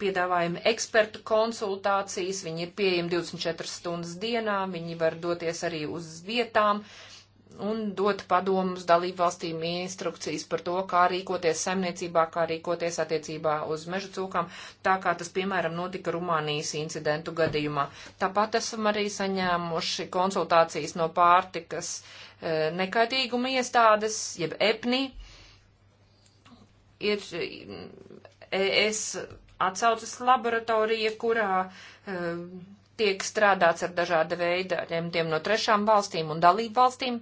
piedāvājam ekspertu konsultācijas, viņi ir pieejami 24 stundas dienā, viņi var doties arī uz vietām, un dot padomus dalību valstīm instrukcijas par to, kā rīkoties saimniecībā, kā rīkoties attiecībā uz meža cūkām, tā kā tas, piemēram, notika Rumānijas incidentu gadījumā. Tāpat esam arī saņēmuši konsultācijas no pārtikas e, nekaitīguma iestādes, jeb EPNI. Ir e, ES atsaucas laboratorija, kurā e, tiek strādāts ar dažāda veida ņemtiem no trešām valstīm un dalību valstīm.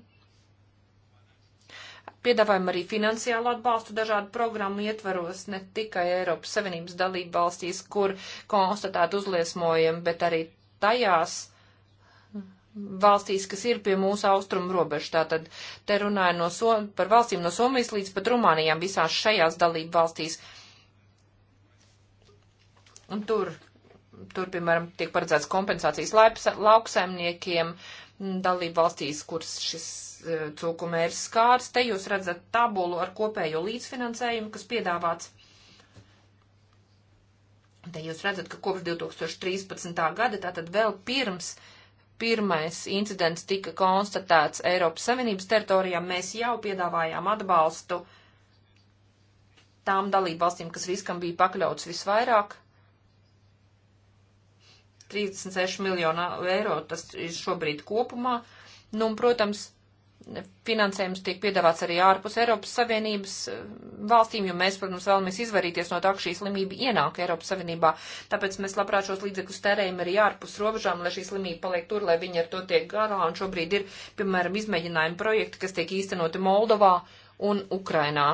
Piedāvājam arī finansiālu atbalstu dažādu programmu ietvaros, ne tikai Eiropas Savienības dalību valstīs, kur konstatēt uzliesmojam, bet arī tajās valstīs, kas ir pie mūsu austrumu robežas. Tātad te runāja no so par valstīm no Somijas līdz pat Rumānijām visās šajās dalību valstīs. Un tur, tur, piemēram, tiek paredzēts kompensācijas lauksaimniekiem. Uh, Mm, dalību valstīs, kuras šis e, cūkumērs skārs. Te jūs redzat tabulu ar kopējo līdzfinansējumu, kas piedāvāts. Te jūs redzat, ka kopš 2013. gada, tātad vēl pirms pirmais incidents tika konstatēts Eiropas Savienības teritorijā, mēs jau piedāvājām atbalstu tām dalībvalstīm, kas riskam bija pakļauts visvairāk 36 miljonu eiro tas ir šobrīd kopumā. Nu, un, protams, finansējums tiek piedāvāts arī ārpus Eiropas Savienības eh, valstīm, jo mēs, protams, vēlamies izvarīties no tā, ka šī slimība ienāk Eiropas Savienībā. Tāpēc mēs labprāt šos līdzekļus tērējam arī ārpus robežām, lai šī slimība paliek tur, lai viņi ar to tiek galā. Un šobrīd ir, piemēram, izmēģinājumi projekti, kas tiek īstenoti Moldovā un Ukrainā.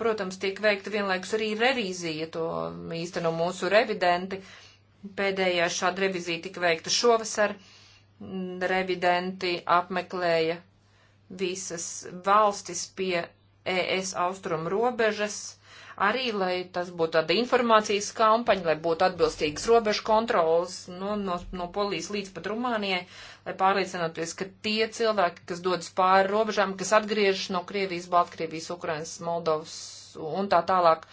Protams, tiek veikta vienlaikus arī revīzija, to īsteno mūsu revidenti. Pēdējā šāda revizija tika veikta šovasar. Revidenti apmeklēja visas valstis pie ES austrumu robežas arī, lai tas būtu tāda informācijas kampaņa, lai būtu atbilstīgas robežu kontrolas no, nu, no, no Polijas līdz pat Rumānijai, lai pārliecinātos, ka tie cilvēki, kas dodas pāri robežām, kas atgriežas no Krievijas, Baltkrievijas, Ukrainas, Moldovas un tā tālāk,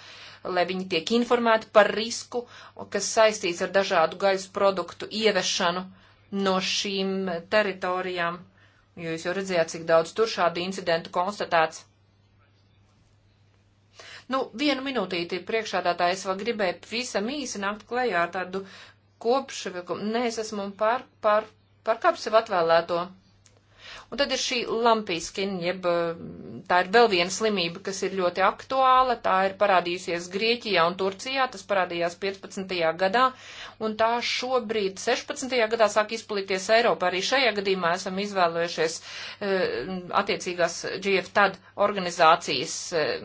lai viņi tiek informēti par risku, kas saistīts ar dažādu gaļas produktu ievešanu no šīm teritorijām. Jo jūs jau redzējāt, cik daudz tur šādu incidentu konstatēts. Nu, vienu minūtīti priekšādātājs vēl gribēja visam īsi nākt klējā ar tādu kopšvilkumu. Nē, es esmu pār, pār, pārkāpis sev atvēlēto Un tad ir šī lampīskina, jeb eh, tā ir vēl viena slimība, kas ir ļoti aktuāla, tā ir parādījusies Grieķijā un Turcijā, tas parādījās 15. gadā, un tā šobrīd 16. gadā sāk izplīties Eiropā. Arī šajā gadījumā esam izvēlējušies eh, attiecīgās GFTAD organizācijas eh,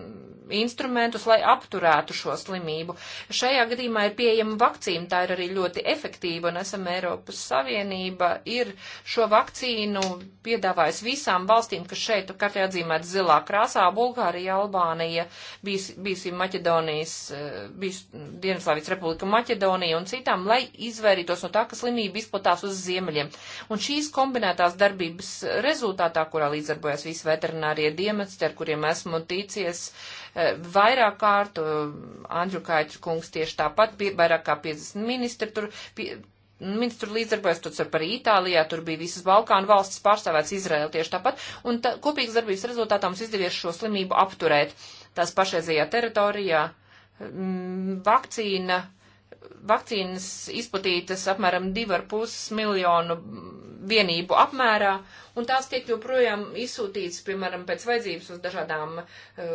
instrumentus, lai apturētu šo slimību. Šajā gadījumā ir pieejama vakcīna, tā ir arī ļoti efektīva, un esam Eiropas Savienība ir šo vakcīnu piedāvā piedāvājis visām valstīm, kas šeit kartē atzīmēt zilā krāsā - Bulgārija, Albānija, bijis, bijusi Maķedonijas, eh, bijis Dienaslāvijas Republika Maķedonija un citām, lai izvairītos no tā, ka slimība izplatās uz ziemeļiem. Un šīs kombinētās darbības rezultātā, kurā līdzdarbojas visi veterinārie dienesti, ar kuriem esmu tīcies, eh, vairāk kārtu, eh, Andriu Kaitru kungs tieši tāpat, pie, vairāk kā 50 ministri tur pie, ministru līdzdarbojas, tur par Itālijā, tur bija visas Balkānu valstis pārstāvēts Izraēla tieši tāpat, un tā, kopīgas darbības rezultātā mums izdevies šo slimību apturēt tās pašreizējā teritorijā. Mm, vakcīna vakcīnas izplatītas apmēram 2,5 miljonu vienību apmērā, un tās tiek joprojām izsūtītas, piemēram, pēc vajadzības uz dažādām uh,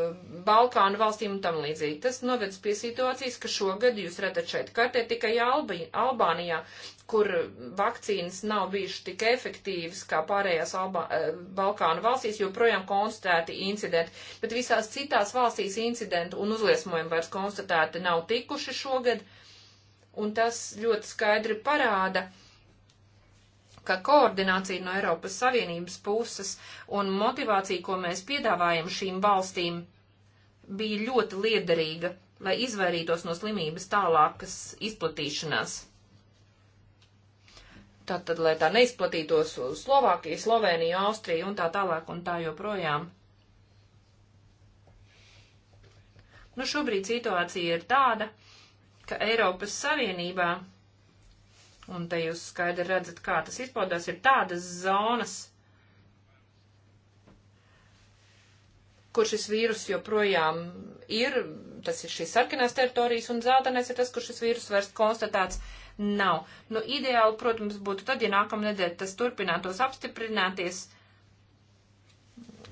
Balkānu valstīm un tam līdzīgi. Tas noved pie situācijas, ka šogad jūs redzat šeit kartē tikai Albi, Albānijā, kur vakcīnas nav bijušas tik efektīvas kā pārējās Alba, eh, Balkānu valstīs, joprojām konstatēti incidenti, bet visās citās valstīs incidentu un uzliesmojumi vairs konstatēti nav tikuši šogad. Uh, Un tas ļoti skaidri parāda, ka koordinācija no Eiropas Savienības puses un motivācija, ko mēs piedāvājam šīm valstīm, bija ļoti liederīga, lai izvairītos no slimības tālākas izplatīšanās. Tātad, lai tā neizplatītos uz Slovākiju, Sloveniju, Austriju un tā tālāk un tā joprojām. Nu, šobrīd situācija ir tāda, ka Eiropas Savienībā, un te jūs skaidri redzat, kā tas izpaudās, ir tādas zonas, kur šis vīrus joprojām ir, tas ir šīs sarkanās teritorijas, un zeltainais ir tas, kur šis vīrus vairs konstatēts nav. Nu, ideāli, protams, būtu tad, ja nākamnedēļ tas turpinātos apstiprināties,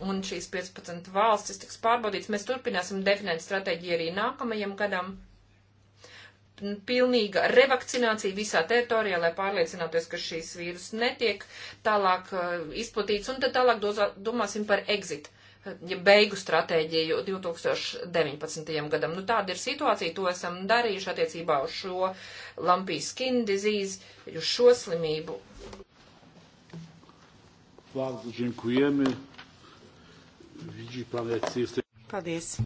un šīs 15 valstis tiks pārbaudīts, mēs turpināsim definēt stratēģiju arī nākamajam gadam pilnīga revakcinācija visā teritorijā, lai pārliecinātos, ka šīs vīrus netiek tālāk eh, izplatīts, un tad tālāk dozā, domāsim par exit ja beigu stratēģiju 2019. gadam. Nu, tāda ir situācija, to esam darījuši attiecībā uz šo lampī skin disease, uz šo slimību. Paldies. Paldies.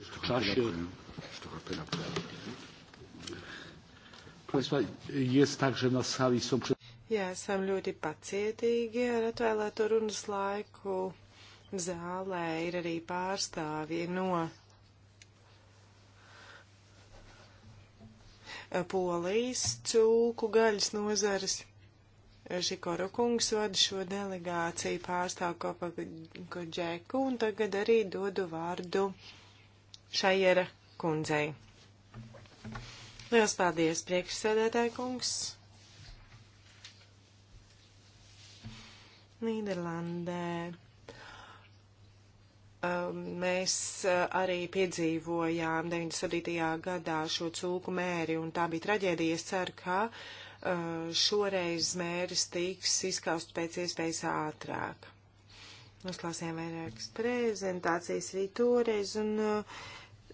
Jā, esam ļoti pacietīgi ar atvēlēto runas laiku. Zālē ir arī pārstāvji no eh, Polijas cūku gaļas nozares. Žikoro kungs vada šo delegāciju pārstāv Kopaku Džeku un tagad arī dodu vārdu Šajera kundzei. Liels paldies, priekšsēdētāji kungs. Nīderlandē. Um, mēs uh, arī piedzīvojām 97. gadā šo cūku mēri, un tā bija traģēdija. Es ceru, ka uh, šoreiz mēris tiks izkaust pēc iespējas ātrāk. Uzklāsījām vairākas prezentācijas arī toreiz, un uh,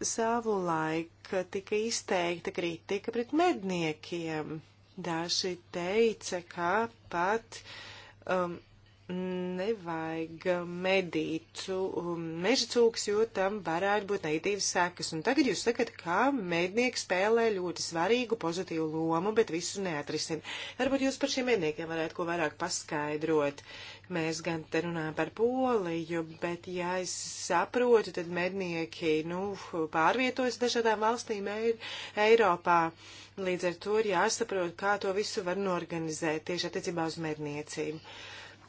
savulaik tika izteikta kritika pret medniekiem. Daži teica, ka pat um, nevajag medīt um, meža cūks, jo tam varētu būt neitīvas sekas. Un tagad jūs sakat, ka mednieks spēlē ļoti svarīgu pozitīvu lomu, bet visu neatrisina. Varbūt jūs par šiem medniekiem varētu ko vairāk paskaidrot. Uh, Mēs gan te runājam par Poliju, bet, ja es saprotu, tad mednieki, nu, pārvietojas dažādām valstīm Eiropā. Līdz ar to ir jāsaprot, kā to visu var norganizēt tieši attiecībā uz medniecību.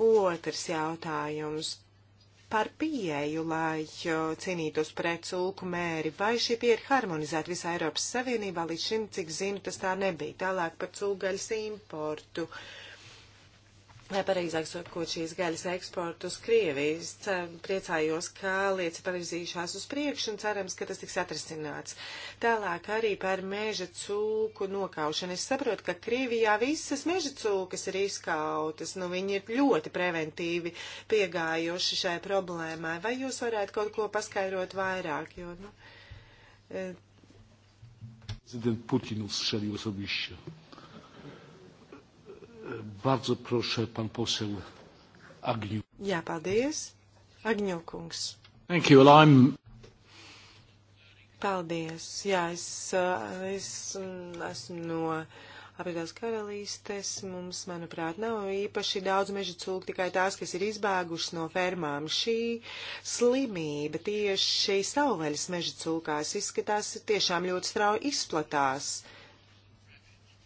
Otrs jautājums par pieeju, lai cīnītos pret sulku mēri, vai šī pieeja ir harmonizēta visā Eiropas Savienībā, līdz šim, cik zinu, tas tā nebija. Tālāk par cūgaļas importu. Uh, Vai pareizāk sakot, šīs gaļas eksportu uz Krieviju. Eh, priecājos, ka lietas pavirzījušās uz priekšu un cerams, ka tas tiks atrisināts. Tālāk arī par meža cūku nokaušanu. Es saprotu, ka Krievijā visas meža cūkas ir izkautas. Nu, viņi ir ļoti preventīvi piegājuši šai problēmai. Vai jūs varētu kaut ko paskaidrot vairāk? Jo, nu, eh, Prezydent Putin ustrzelił osobiście. Bardzo proszę, pan poseł Agņu. Jā, paldies. Agņokungs. Thank you. Well, I'm Paldies. Jā, es, es mm, esmu no apvienotās karalīstes. Mums, manuprāt, nav īpaši daudz meža cūku, tikai tās, kas ir izbēgušas no fermām. Šī slimība tieši savvaļas meža cūkās izskatās tiešām ļoti strauji izplatās. Uh,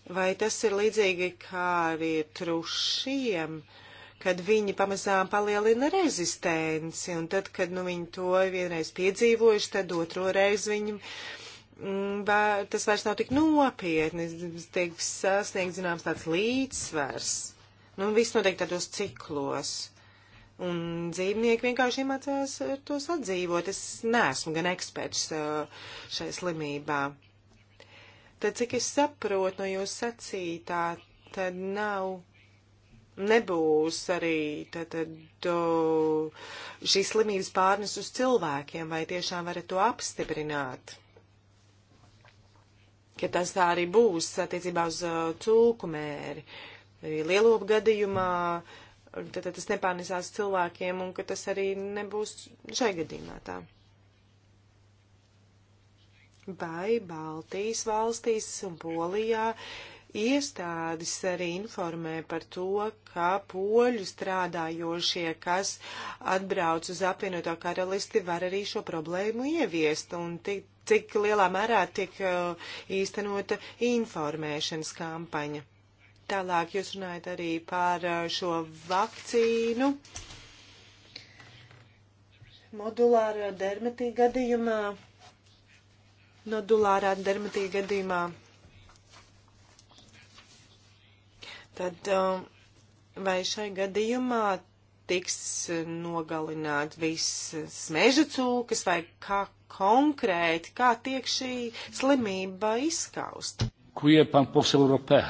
Vai tas ir līdzīgi kā arī trušiem, kad viņi pamazām palielina rezistenci, un tad, kad nu, viņi to vienreiz piedzīvojuši, tad otro reizi viņam mm, tas vairs nav tik nopietni, tiek sasniegts, zināms, tāds līdzsvers. Nu, viss notiek tādos ciklos. Un dzīvnieki vienkārši iemācās ar to sadzīvot. Es neesmu gan eksperts uh, šai slimībā. Tad, cik es saprotu no jūs sacītā, tad nav, nebūs arī tad, tad, o, šī slimības pārnes uz cilvēkiem, vai tiešām varat to apstiprināt? Ka tas tā arī būs attiecībā uz uh, cūku mēri. Arī lielopu gadījumā tad, tad tas nepārnesās cilvēkiem un ka tas arī nebūs šai gadījumā tā vai Baltijas valstīs un Polijā iestādes arī informē par to, ka poļu strādājošie, kas atbrauc uz apvienoto karalisti, var arī šo problēmu ieviest un tik, cik lielā mērā tiek uh, īstenota informēšanas kampaņa. Tālāk jūs runājat arī par uh, šo vakcīnu. Modulāra dermatī gadījumā nodulārā dermatī gadījumā. Tad um, vai šai gadījumā tiks nogalināt viss meža cūkas vai kā konkrēti, kā tiek šī slimība izskausta? Kurie pan posel Europē?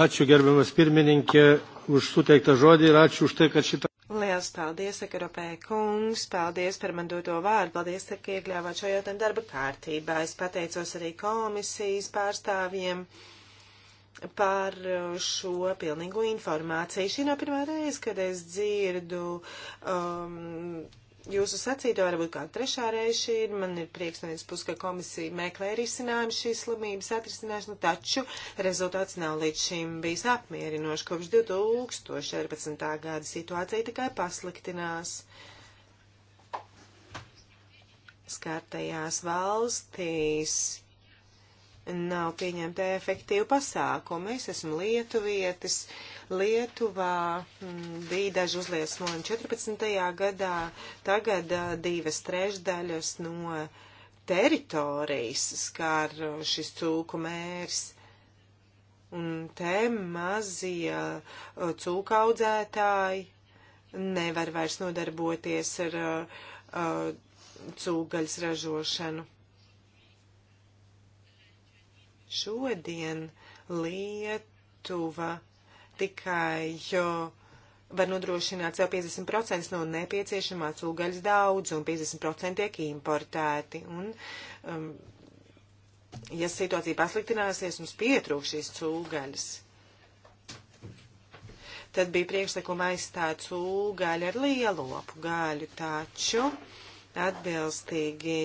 Ačiū gerbiamas pirmininkė už suteiktą žodį ir ačiū už tai, kad šitą. Liels paldies, Sakaropēja kungs, paldies par man doto vārdu, paldies, ka iekļāvāt šo jautājumu darba kārtībā. Es pateicos arī komisijas pārstāvjiem par uh, šo pilnīgu informāciju. Šī nav no pirmā reize, kad es dzirdu um, jūsu sacīto varbūt kāda trešā reize šī ir. Man ir prieks no vienas puses, ka komisija meklē risinājumu šīs slimības atrisināšanu, taču rezultāts nav līdz šim bijis apmierinošs. Kopš 2014. gada situācija tikai pasliktinās. Skārtajās valstīs nav pieņemta efektīva pasākuma. Es esmu lietuvietis. Uh, Lietuvā mm, bija daži uzliesmojumi 14. gadā, tagad divas trešdaļas no teritorijas skar šis cūku mērs. Un te mazie cūku audzētāji nevar vairs nodarboties ar uh, cūgaļas ražošanu. Šodien Lietuva tikai var nodrošināt sev 50% no nepieciešamā cūgaļas daudz, un 50% tiek importēti. Un, um, ja situācija pasliktināsies, mums pietrūks šīs cūgaļas. Tad bija priekšlikuma aizstāt cūgaļu ar lielopu gaļu, taču atbilstīgi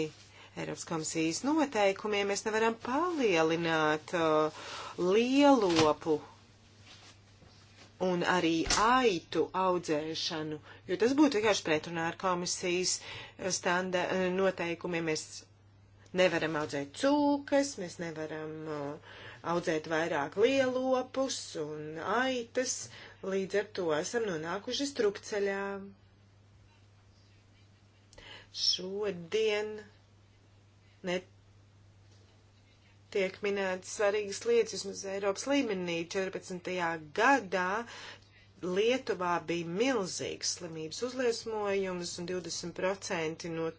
Eiropas komisijas noteikumiem mēs nevaram palielināt uh, lielopu gaļu un arī aitu audzēšanu, jo tas būtu vienkārši pretrunā ar komisijas eh, standa eh, noteikumiem. Mēs nevaram audzēt cūkas, mēs nevaram eh, audzēt vairāk lielopus un aitas, līdz ar to esam nonākuši strupceļā. Šodien net tiek minētas svarīgas lietas, vismaz Eiropas līmenī 14. gadā. Lietuvā bija milzīgs slimības uzliesmojums un 20% no,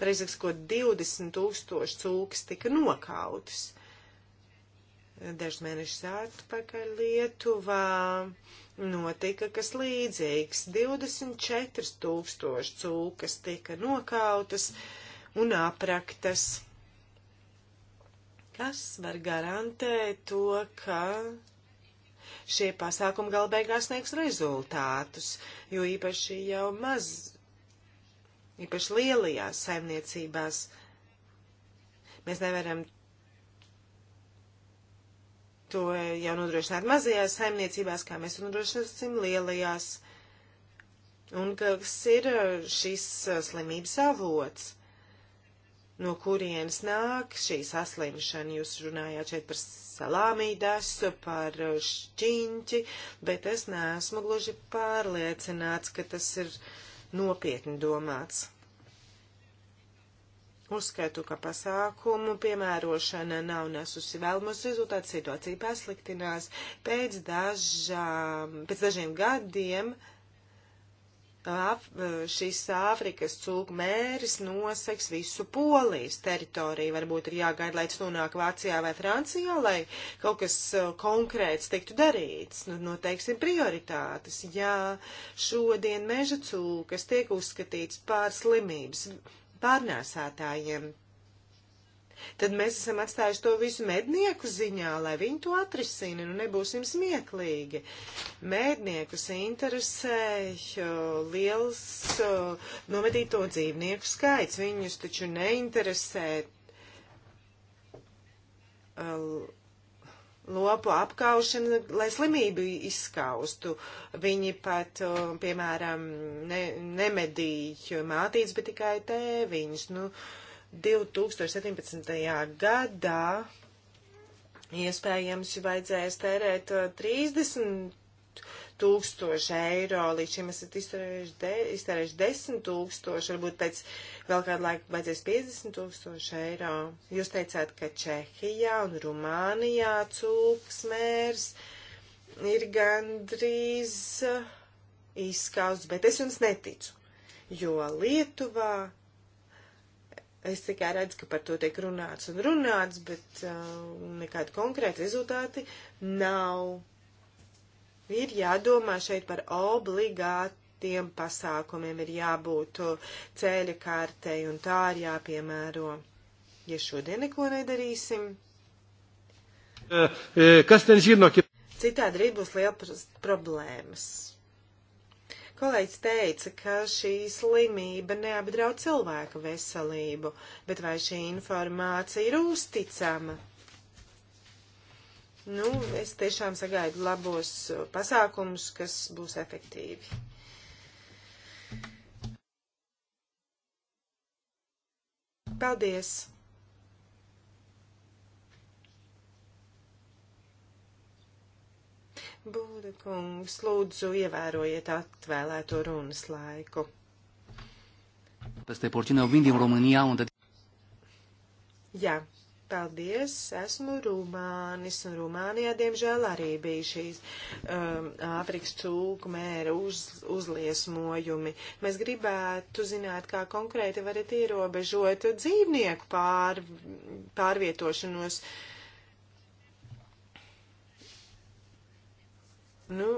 pareizāk sakot, 20 tūkstoši cūkas tika nokautas. Dažs mēnešus atpakaļ Lietuvā notika kas līdzīgs. 24 tūkstoši cūkas tika nokautas un apraktas. Kas var garantēt to, ka šie pasākumi gal beigās sniegs rezultātus, jo īpaši jau maz, īpaši lielajās saimniecībās mēs nevaram to jau nodrošināt mazajās saimniecībās, kā mēs to nodrošināsim lielajās. Un kas ir uh, šis uh, slimības avots? no kurienes nāk šī saslimšana. Jūs runājāt šeit par salāmīdas, par uh, šķiņķi, bet es neesmu gluži pārliecināts, ka tas ir nopietni domāts. Uzskatu, ka pasākumu piemērošana nav nesusi vēlamos rezultātu, situācija pasliktinās. Pēc, dažām, pēc dažiem gadiem uh, Āf, šis Āfrikas cūku mēris noseks visu Polijas teritoriju. Varbūt ir jāgaida, lai tas nonāk Vācijā vai Francijā, lai kaut kas eh, konkrēts tiktu darīts. Nu, noteiksim prioritātes. Jā, šodien meža cūkas tiek uzskatīts pār slimības pārnēsātājiem tad mēs esam atstājuši to visu mednieku ziņā, lai viņi to atrisina, nu nebūsim smieklīgi. Mēdniekus interesē liels novedīto dzīvnieku skaits, viņus taču neinteresē lopu apkaušana, lai slimību izskaustu. Viņi pat, piemēram, ne, nemedīja mātītes, bet tikai tēviņus. Nu, uh, 2017. gadā iespējams vajadzēs tērēt 30 uh, tūkstoši eiro, līdz šim esat iztērējuši, de, iztērējuši 10 tūkstoši, varbūt pēc vēl kādu laiku vajadzēs 50 tūkstoši eiro. Jūs teicāt, ka Čehijā un Rumānijā cūksmērs ir gandrīz uh, izskausts, bet es jums neticu, jo Lietuvā Es tikai redzu, ka par to tiek runāts un runāts, bet uh, nekādi konkrēti rezultāti nav. Ir jādomā šeit par obligātiem pasākumiem, ir jābūt ceļa kārtei un tā ir jāpiemēro. Ja šodien neko nedarīsim. Eh, eh, kas ten žino? Citādi rīt būs liela problēmas. Kolēģis teica, ka šī slimība neapdraud cilvēku veselību, bet vai šī informācija ir uzticama? Nu, es tiešām sagaidu labos pasākumus, kas būs efektīvi. Paldies! Būda kungs, lūdzu, ievērojiet atvēlēto runas laiku. Peste porcină vin din România unde... Jā, paldies, esmu Rumānis, un Rumānijā, diemžēl, arī bija šīs um, Āfrikas cūku mēra uz, uzliesmojumi. Mēs gribētu zināt, kā konkrēti varat ierobežot dzīvnieku pār, pārvietošanos. Uh, nu,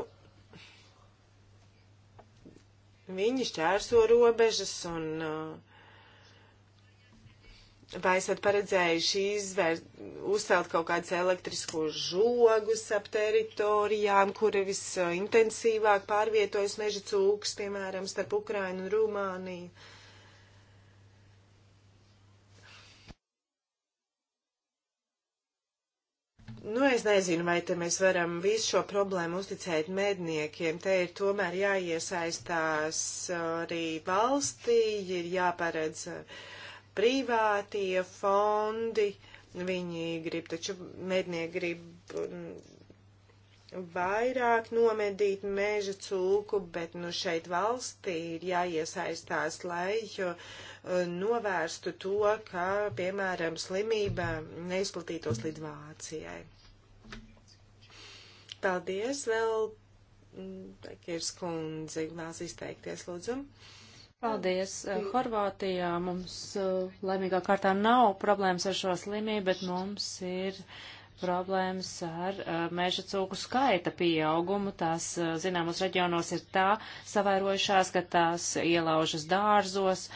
viņi šķērso robežas un uh, vai esat paredzējuši izvēr, uzcelt kaut kādus elektriskos žogus ap teritorijām, kuri visintensīvāk pārvietojas meža cūks, piemēram, starp Ukrainu un Rumāniju? Nu, es nezinu, vai te mēs varam visu šo problēmu uzticēt medniekiem. Te ir tomēr jāiesaistās arī valstī, ir jāparedz uh, privātie fondi. Viņi grib, taču mednieki grib mm, vairāk nomedīt meža cūku, bet nu šeit valstī ir jāiesaistās, lai jo, uh, novērstu to, ka, piemēram, slimība neizplatītos līdz Vācijai. Paldies vēl, Kirs kundze, vēlas izteikties, lūdzu. Paldies. Uh, Horvātijā mums uh, laimīgā kārtā nav problēmas ar šo slimību, bet mums ir problēmas ar uh, meža cūku skaita pieaugumu. Tās, uh, zināmos reģionos ir tā savairojušās, ka tās ielaužas dārzos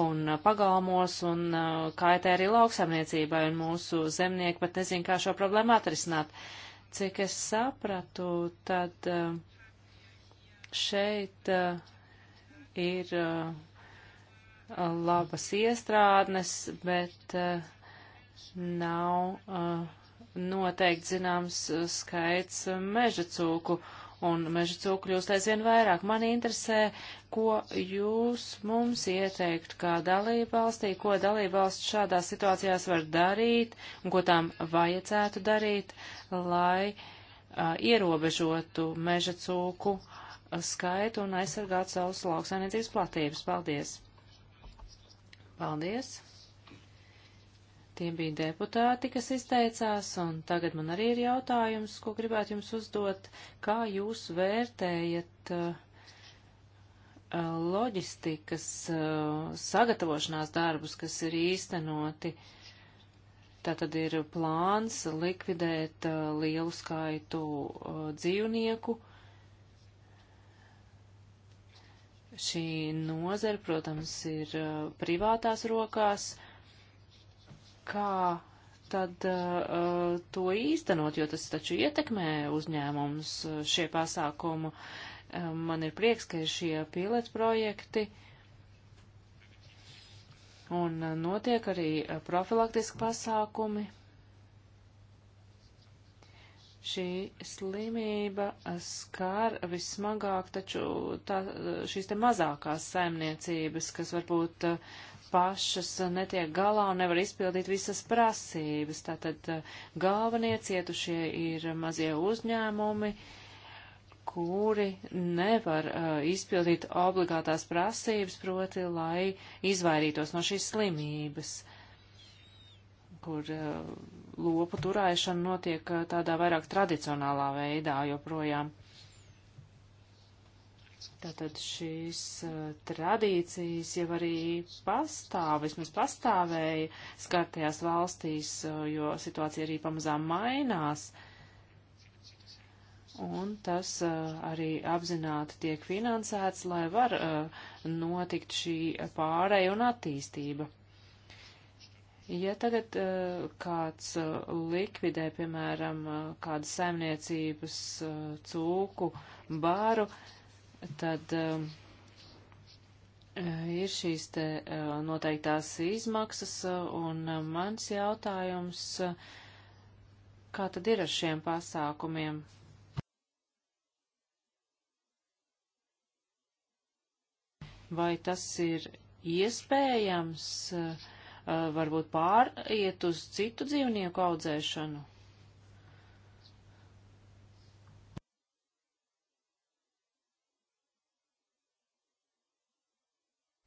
un uh, pagalmos un uh, kaitē arī lauksamniecībai, un mūsu zemnieki pat nezin, kā šo problēmu atrisināt. Cik es sapratu, tad uh, šeit uh, ir uh, labas iestrādnes, bet uh, nav. Uh, noteikti zināms uh, skaits uh, meža cūku, un meža cūku kļūst aizvien vairāk. Mani interesē, ko jūs mums ieteiktu kā dalībvalstī, ko dalībvalsts šādās situācijās var darīt, un ko tām vajadzētu darīt, lai uh, ierobežotu meža cūku uh, skaitu un aizsargātu savus lauksainiecības platības. Paldies! Paldies! Tie bija deputāti, kas izteicās, un tagad man arī ir jautājums, ko gribētu jums uzdot. Kā jūs vērtējat uh, uh loģistikas uh, sagatavošanās darbus, kas ir īstenoti? Tātad ir plāns likvidēt uh, lielu skaitu uh, dzīvnieku. Šī nozara, protams, ir uh, privātās rokās kā tad uh, to īstenot, jo tas taču ietekmē uzņēmums uh, šie pasākumu. Uh, man ir prieks, ka ir šie pilotprojekti un uh, notiek arī uh, profilaktiski pasākumi. Šī slimība uh, skār vismagāk taču tā, šīs te mazākās saimniecības, kas varbūt uh, pašas eh, netiek galā un nevar izpildīt visas prasības. Tātad eh, galvenie cietušie ir mazie uzņēmumi, kuri nevar uh, izpildīt obligātās prasības, proti, lai izvairītos no šīs slimības, kur uh, lopu turēšana notiek uh, tādā vairāk tradicionālā veidā joprojām. Tātad šīs uh, tradīcijas jau arī pastāv, vismaz pastāvēja skartajās valstīs, uh, jo situācija arī pamazām mainās. Un tas uh, arī apzināti tiek finansēts, lai var uh, notikt šī pārēja un attīstība. Ja tagad uh, kāds uh, likvidē, piemēram, uh, kādu saimniecības uh, cūku bāru, tad um, eh, ir šīs te uh, noteiktās izmaksas, uh, un uh, mans jautājums, kā tad ir ar šiem pasākumiem? Vai tas ir iespējams varbūt pāriet uz citu dzīvnieku audzēšanu?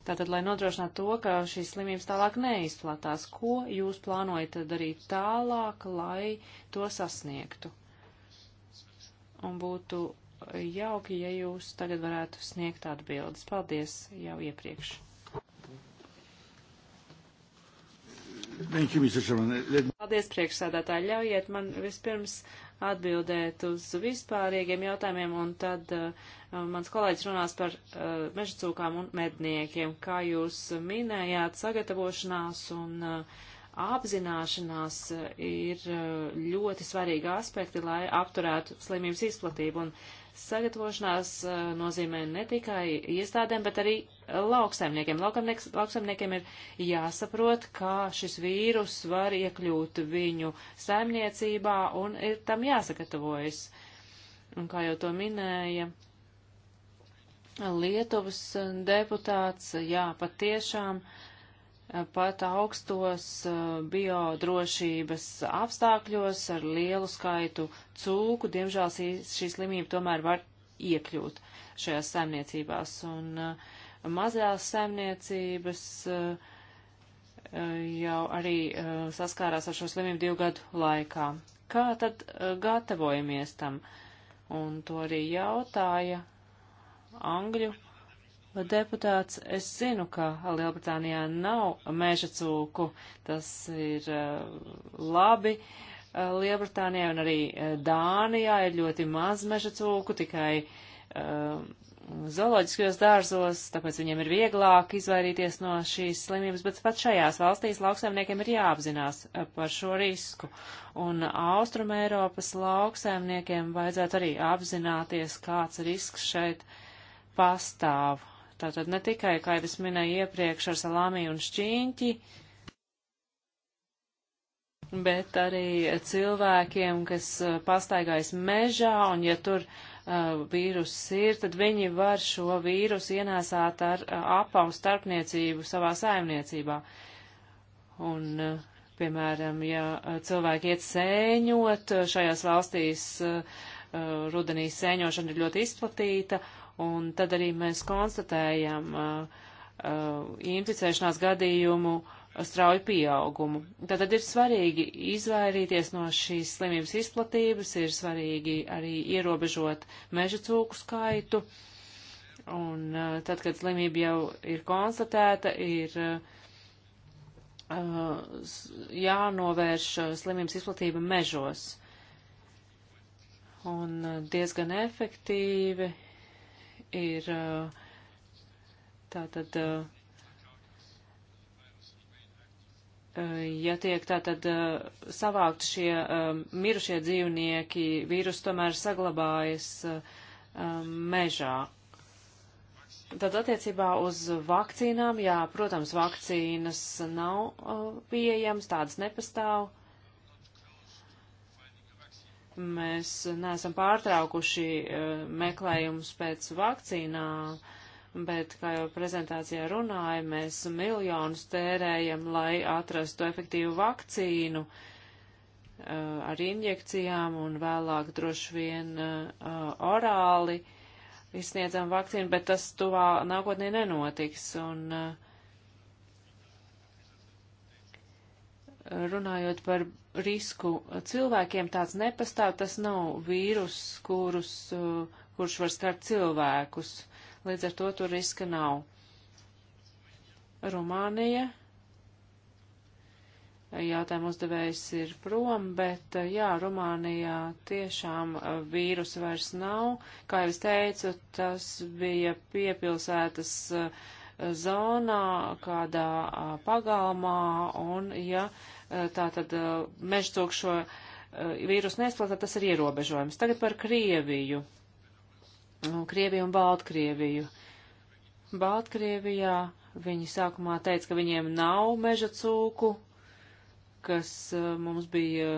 Tātad, lai nodrošinātu to, ka šīs slimības tālāk neizplatās, ko jūs plānojat darīt tālāk, lai to sasniegtu? Un būtu jauki, ja jūs tagad varētu sniegt atbildes. Paldies jau iepriekš. Paldies, priekšsēdētāji. Ļaujiet man vispirms atbildēt uz vispārīgiem jautājumiem, un tad uh, mans kolēģis runās par uh, mežacūkām un medniekiem. Kā jūs minējāt, sagatavošanās un uh, apzināšanās uh, ir uh, ļoti svarīgi aspekti, lai apturētu slimības izplatību. Un Sagatavošanās eh, nozīmē ne tikai iestādēm, bet arī lauksaimniekiem. Lauksaimniekiem ir jāsaprot, kā šis vīrus var iekļūt viņu saimniecībā un ir tam jāsagatavojas. Un kā jau to minēja Lietuvas eh, deputāts, jā, patiešām uh, Eh, pat augstos eh, biodrošības apstākļos ar lielu skaitu cūku, diemžēl šī slimība tomēr var iekļūt šajās saimniecībās. Un eh, mazās saimniecības jau arī saskārās ar šo slimību divu gadu laikā. Kā tad gatavojamies tam? Un to arī jautāja Angļu deputāts, es zinu, ka Lielbritānijā nav meža cūku. Tas ir eh, labi. Eh, Lielbritānijā un arī eh, Dānijā ir ļoti maz meža cūku, tikai um, zooloģiskajos dārzos, tāpēc viņiem ir vieglāk izvairīties no šīs slimības, bet pat šajās valstīs lauksaimniekiem ir jāapzinās par šo risku. Un Austrum Eiropas lauksaimniekiem vajadzētu arī apzināties, kāds risks šeit pastāv. Tātad ne tikai, kā jau es minēju iepriekš, ar salāmī un šķīņķi, bet arī cilvēkiem, kas eh, pastaigājas mežā, un ja tur uh, vīrus ir, tad viņi var šo vīrusu ienēsāt ar uh, eh, apavu starpniecību savā saimniecībā. Un, uh, piemēram, ja cilvēki iet sēņot, šajās valstīs uh, rudenī sēņošana ir ļoti izplatīta, uh, Un tad arī mēs konstatējam uh, uh, inficēšanās gadījumu uh, strauju pieaugumu. Tātad ir svarīgi izvairīties no šīs slimības izplatības, ir svarīgi arī ierobežot meža cūku skaitu. Un uh, tad, kad slimība jau ir konstatēta, ir uh, jānovērš uh, slimības izplatība mežos. Un diezgan efektīvi ir uh, tātad, uh, uh, ja tiek tātad savākt šie um, mirušie dzīvnieki, vīrus tomēr saglabājas um, mežā. Tad attiecībā uz vakcīnām, jā, protams, vakcīnas nav pieejamas, tādas nepastāv mēs neesam pārtraukuši eh, meklējumus pēc vakcīnām, bet, kā jau prezentācijā runāja, mēs miljonus tērējam, lai atrastu efektīvu vakcīnu eh, ar injekcijām un vēlāk droši vien eh, orāli izsniedzam vakcīnu, bet tas tuvā nākotnē nenotiks. Un, uh, runājot par risku cilvēkiem, tāds nepastāv, tas nav vīrus, kurus, uh, kurš var skart cilvēkus. Līdz ar to tur riska nav. Rumānija. Jautājumu uzdevējs ir prom, bet uh, jā, Rumānijā tiešām uh, vīrus vairs nav. Kā jau es teicu, tas bija piepilsētas zonā, kādā pagalmā, un ja. Uh, Eh, tātad eh, mežcūkšo eh, vīrusu neizplatā, tas ir ierobežojums. Tagad par Krieviju. Nu, Krieviju un Baltkrieviju. Baltkrievijā viņi sākumā teica, ka viņiem nav meža cūku, kas mums bija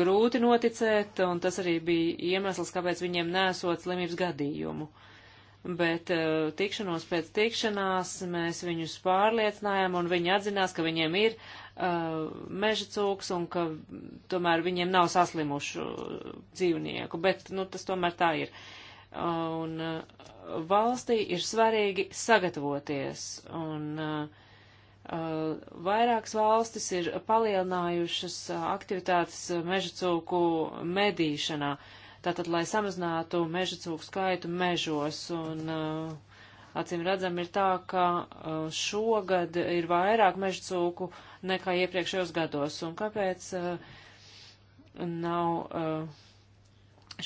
grūti noticēt, un tas arī bija iemesls, kāpēc viņiem nesot slimības gadījumu. Uh, bet uh, tikšanos pēc tikšanās mēs viņus pārliecinājām un viņi atzinās, ka viņiem ir uh, meža cūks un ka tomēr viņiem nav saslimušu dzīvnieku, bet nu, tas tomēr tā ir. Un uh, valstī ir svarīgi sagatavoties un uh, vairākas valstis ir palielinājušas aktivitātes meža cūku medīšanā. Uh, tātad, lai samazinātu meža cūku skaitu mežos. Un, uh, acīm redzam, ir tā, ka uh, šogad ir vairāk meža cūku nekā iepriekšējos gados. Un kāpēc uh, nav uh,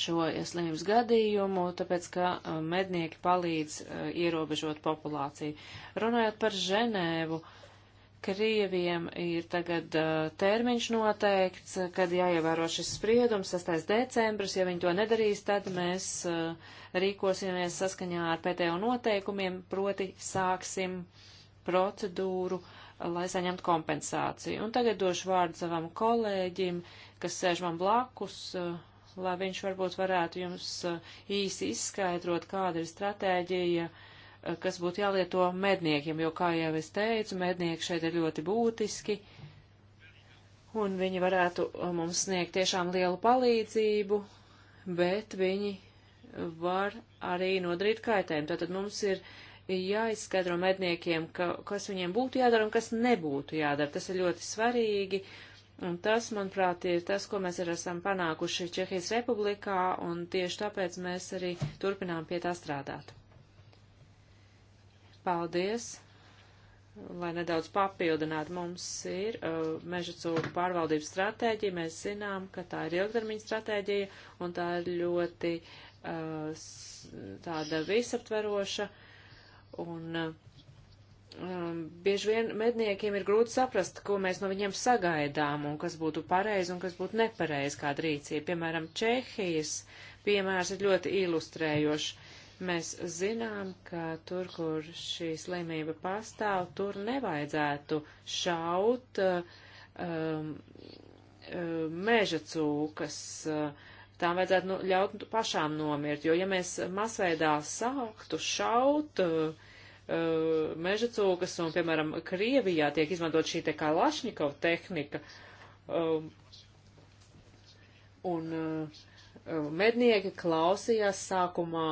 šo slimības gadījumu, tāpēc, ka uh, mednieki palīdz uh, ierobežot populāciju. Runājot par Ženēvu, uh, Krieviem ir tagad uh, termiņš noteikts, kad jāievēro šis spriedums, 6. decembris. Ja viņi to nedarīs, tad mēs uh, rīkosimies saskaņā ar PTO noteikumiem, proti sāksim procedūru, lai saņemtu kompensāciju. Un tagad došu vārdu savam kolēģim, kas sēž man blakus, uh, lai viņš varbūt varētu jums īsi izskaidrot, kāda ir stratēģija uh, kas būtu jālieto medniekiem, jo, kā jau es teicu, mednieki šeit ir ļoti būtiski, un viņi varētu uh, mums sniegt tiešām lielu palīdzību, bet viņi var arī nodarīt kaitējumu. Tātad mums ir jāizskaidro medniekiem, ka, kas viņiem būtu jādara un kas nebūtu jādara. Tas ir ļoti svarīgi. Un tas, manuprāt, ir tas, ko mēs arī esam panākuši Čehijas republikā, un tieši tāpēc mēs arī turpinām pie tā strādāt. Paldies! Lai nedaudz papildinātu, mums ir uh, meža cūku pārvaldības stratēģija. Mēs zinām, ka tā ir ilgtermiņa stratēģija un tā ir ļoti uh, tāda visaptveroša. Un uh, um, bieži vien medniekiem ir grūti saprast, ko mēs no viņiem sagaidām un kas būtu pareizi un kas būtu nepareizi kāda rīcība. Piemēram, Čehijas piemērs ir ļoti ilustrējošs Mēs zinām, ka tur, kur šī slimība pastāv, tur nevajadzētu šaut um, um, meža cūkas. Tām vajadzētu nu, ļaut pašām nomirt, jo ja mēs masveidā sāktu šaut uh, meža cūkas un, piemēram, Krievijā tiek izmantot šī te kā lašņikov tehnika, um, un uh, uh mednieki klausījās sākumā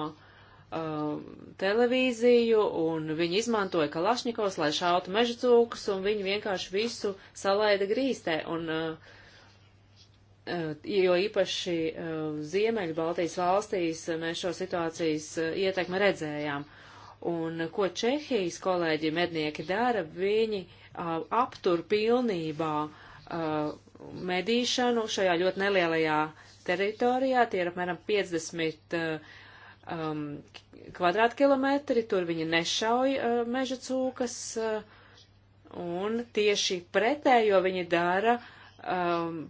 Uh, televīziju un viņi izmantoja kalašņikos, lai šautu mežacūkus un viņi vienkārši visu salaida grīstē. Un, uh, uh, jo īpaši uh, Ziemeļu Baltijas valstīs mēs šo situācijas uh, ietekmi redzējām. Un uh, ko Čehijas kolēģi mednieki dara, viņi aptur pilnībā medīšanu šajā ļoti nelielajā teritorijā, tie ir apmēram 50 um, kvadrātkilometri, tur viņi nešauj uh, meža cūkas, uh, un tieši pretējo viņi dara um,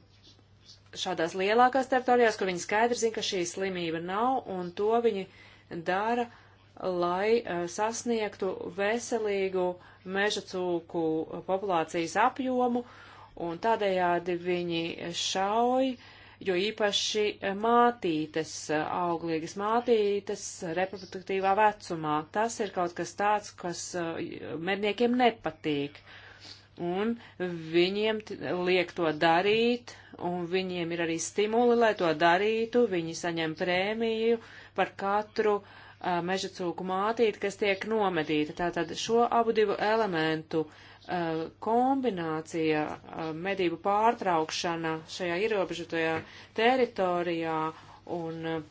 šādās lielākās teritorijās, kur viņi skaidri zina, ka šī slimība nav, un to viņi dara, lai uh, sasniegtu veselīgu meža cūku populācijas apjomu, un tādējādi viņi šauj uh, jo īpaši eh, mātītes, eh, auglīgas mātītes eh, reproduktīvā vecumā. Tas ir kaut kas tāds, kas medniekiem nepatīk un viņiem liek to darīt, un viņiem ir arī stimuli, lai to darītu. Viņi saņem prēmiju par katru uh, meža cūku mātīti, kas tiek nomedīta. Tātad šo abu divu elementu Eh, kombinācija eh, medību pārtraukšana šajā ierobežotajā teritorijā un eh,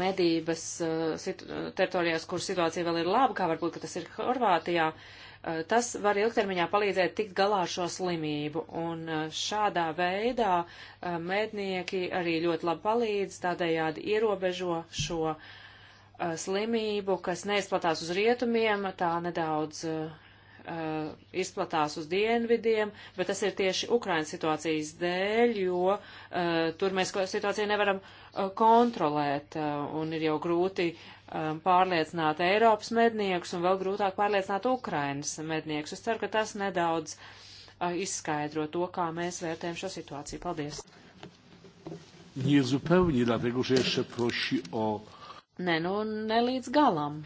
medības teritorijās, kur situācija vēl ir laba, kā varbūt, ka tas ir Horvātijā, tas var ilgtermiņā palīdzēt tikt galā ar šo slimību. Un šādā veidā mednieki arī ļoti labi palīdz, tādējādi ierobežo šo slimību, kas neizplatās uz rietumiem, tā nedaudz uh, izplatās uz dienvidiem, bet tas ir tieši Ukrainas situācijas dēļ, jo uh, tur mēs situāciju nevaram uh, kontrolēt uh, un ir jau grūti um, pārliecināt Eiropas medniekus un vēl grūtāk pārliecināt Ukrainas medniekus. Es ceru, ka tas nedaudz uh, izskaidro to, kā mēs vērtējam šo situāciju. Paldies! Niezupełnie, dlatego że jeszcze prosi o. Ne, nu, ne līdz galam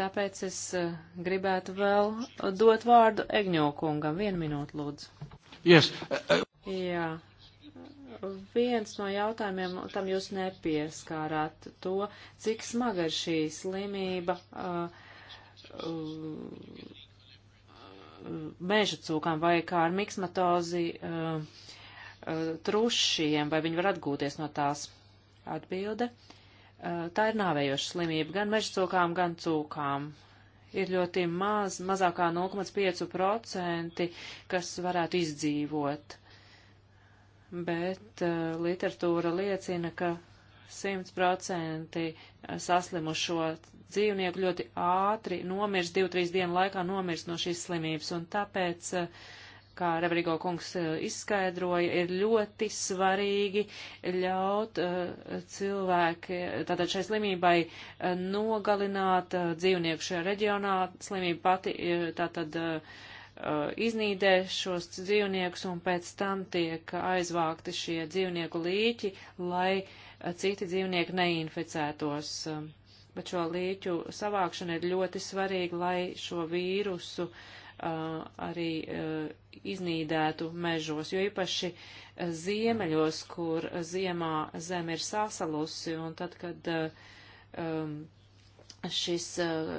Tāpēc es eh, gribētu vēl dot vārdu Egņokungam. Vienu minūtu, lūdzu. Yes. Jā. Viens no jautājumiem, tam jūs nepieskārāt to, cik smaga ir šī slimība uh, uh, meža cūkām vai kā ar miksmatozi uh, trušiem, vai viņi var atgūties no tās. Atbilde. Uh, Eh, tā ir nāvējoša slimība gan mežcūkām, gan cūkām. Ir ļoti maz, mazākā 0,5%, kas varētu izdzīvot. Bet uh, literatūra liecina, ka 100% eh, saslimušo dzīvnieku ļoti ātri nomirst, 2-3 dienu laikā nomirst no šīs slimības, un tāpēc uh, kā Reberigo kungs eh, izskaidroja, ir ļoti svarīgi ļaut eh, cilvēki, tātad šai slimībai eh, nogalināt dzīvnieku šajā reģionā. Slimība pati tātad iznīdē šos dzīvniekus un pēc tam tiek aizvākti šie dzīvnieku līķi, lai citi dzīvnieki neinficētos. Bet šo līķu savākšana ir ļoti svarīga, lai šo vīrusu uh, arī iznīdētu mežos, jo īpaši ziemeļos, kur ziemā zeme ir sasalusi, un tad, kad um, šis uh,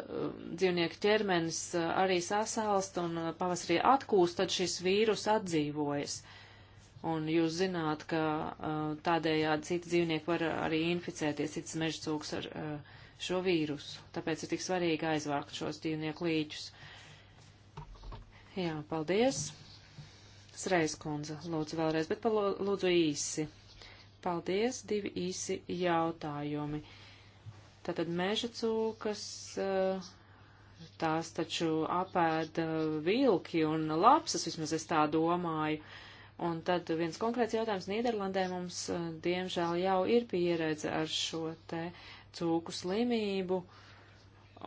dzīvnieku ķermenis arī sasalst un pavasarī atkūst, tad šis vīrus atdzīvojas. Un jūs zināt, ka uh, tādējādi citi dzīvnieki var arī inficēties, cits mežcūks ar uh, šo vīrusu. Tāpēc ir tik svarīgi aizvākt šos dzīvnieku līķus. Jā, paldies. Sreiz kundze, lūdzu vēlreiz, bet lūdzu īsi. Paldies, divi īsi jautājumi. Tātad meža cūkas, eh, tās taču apēda eh, vilki un lapsas, vismaz es tā domāju. Un tad viens konkrēts jautājums Nīderlandē mums, eh, diemžēl, jau ir pieredze ar šo te cūku slimību. Uh,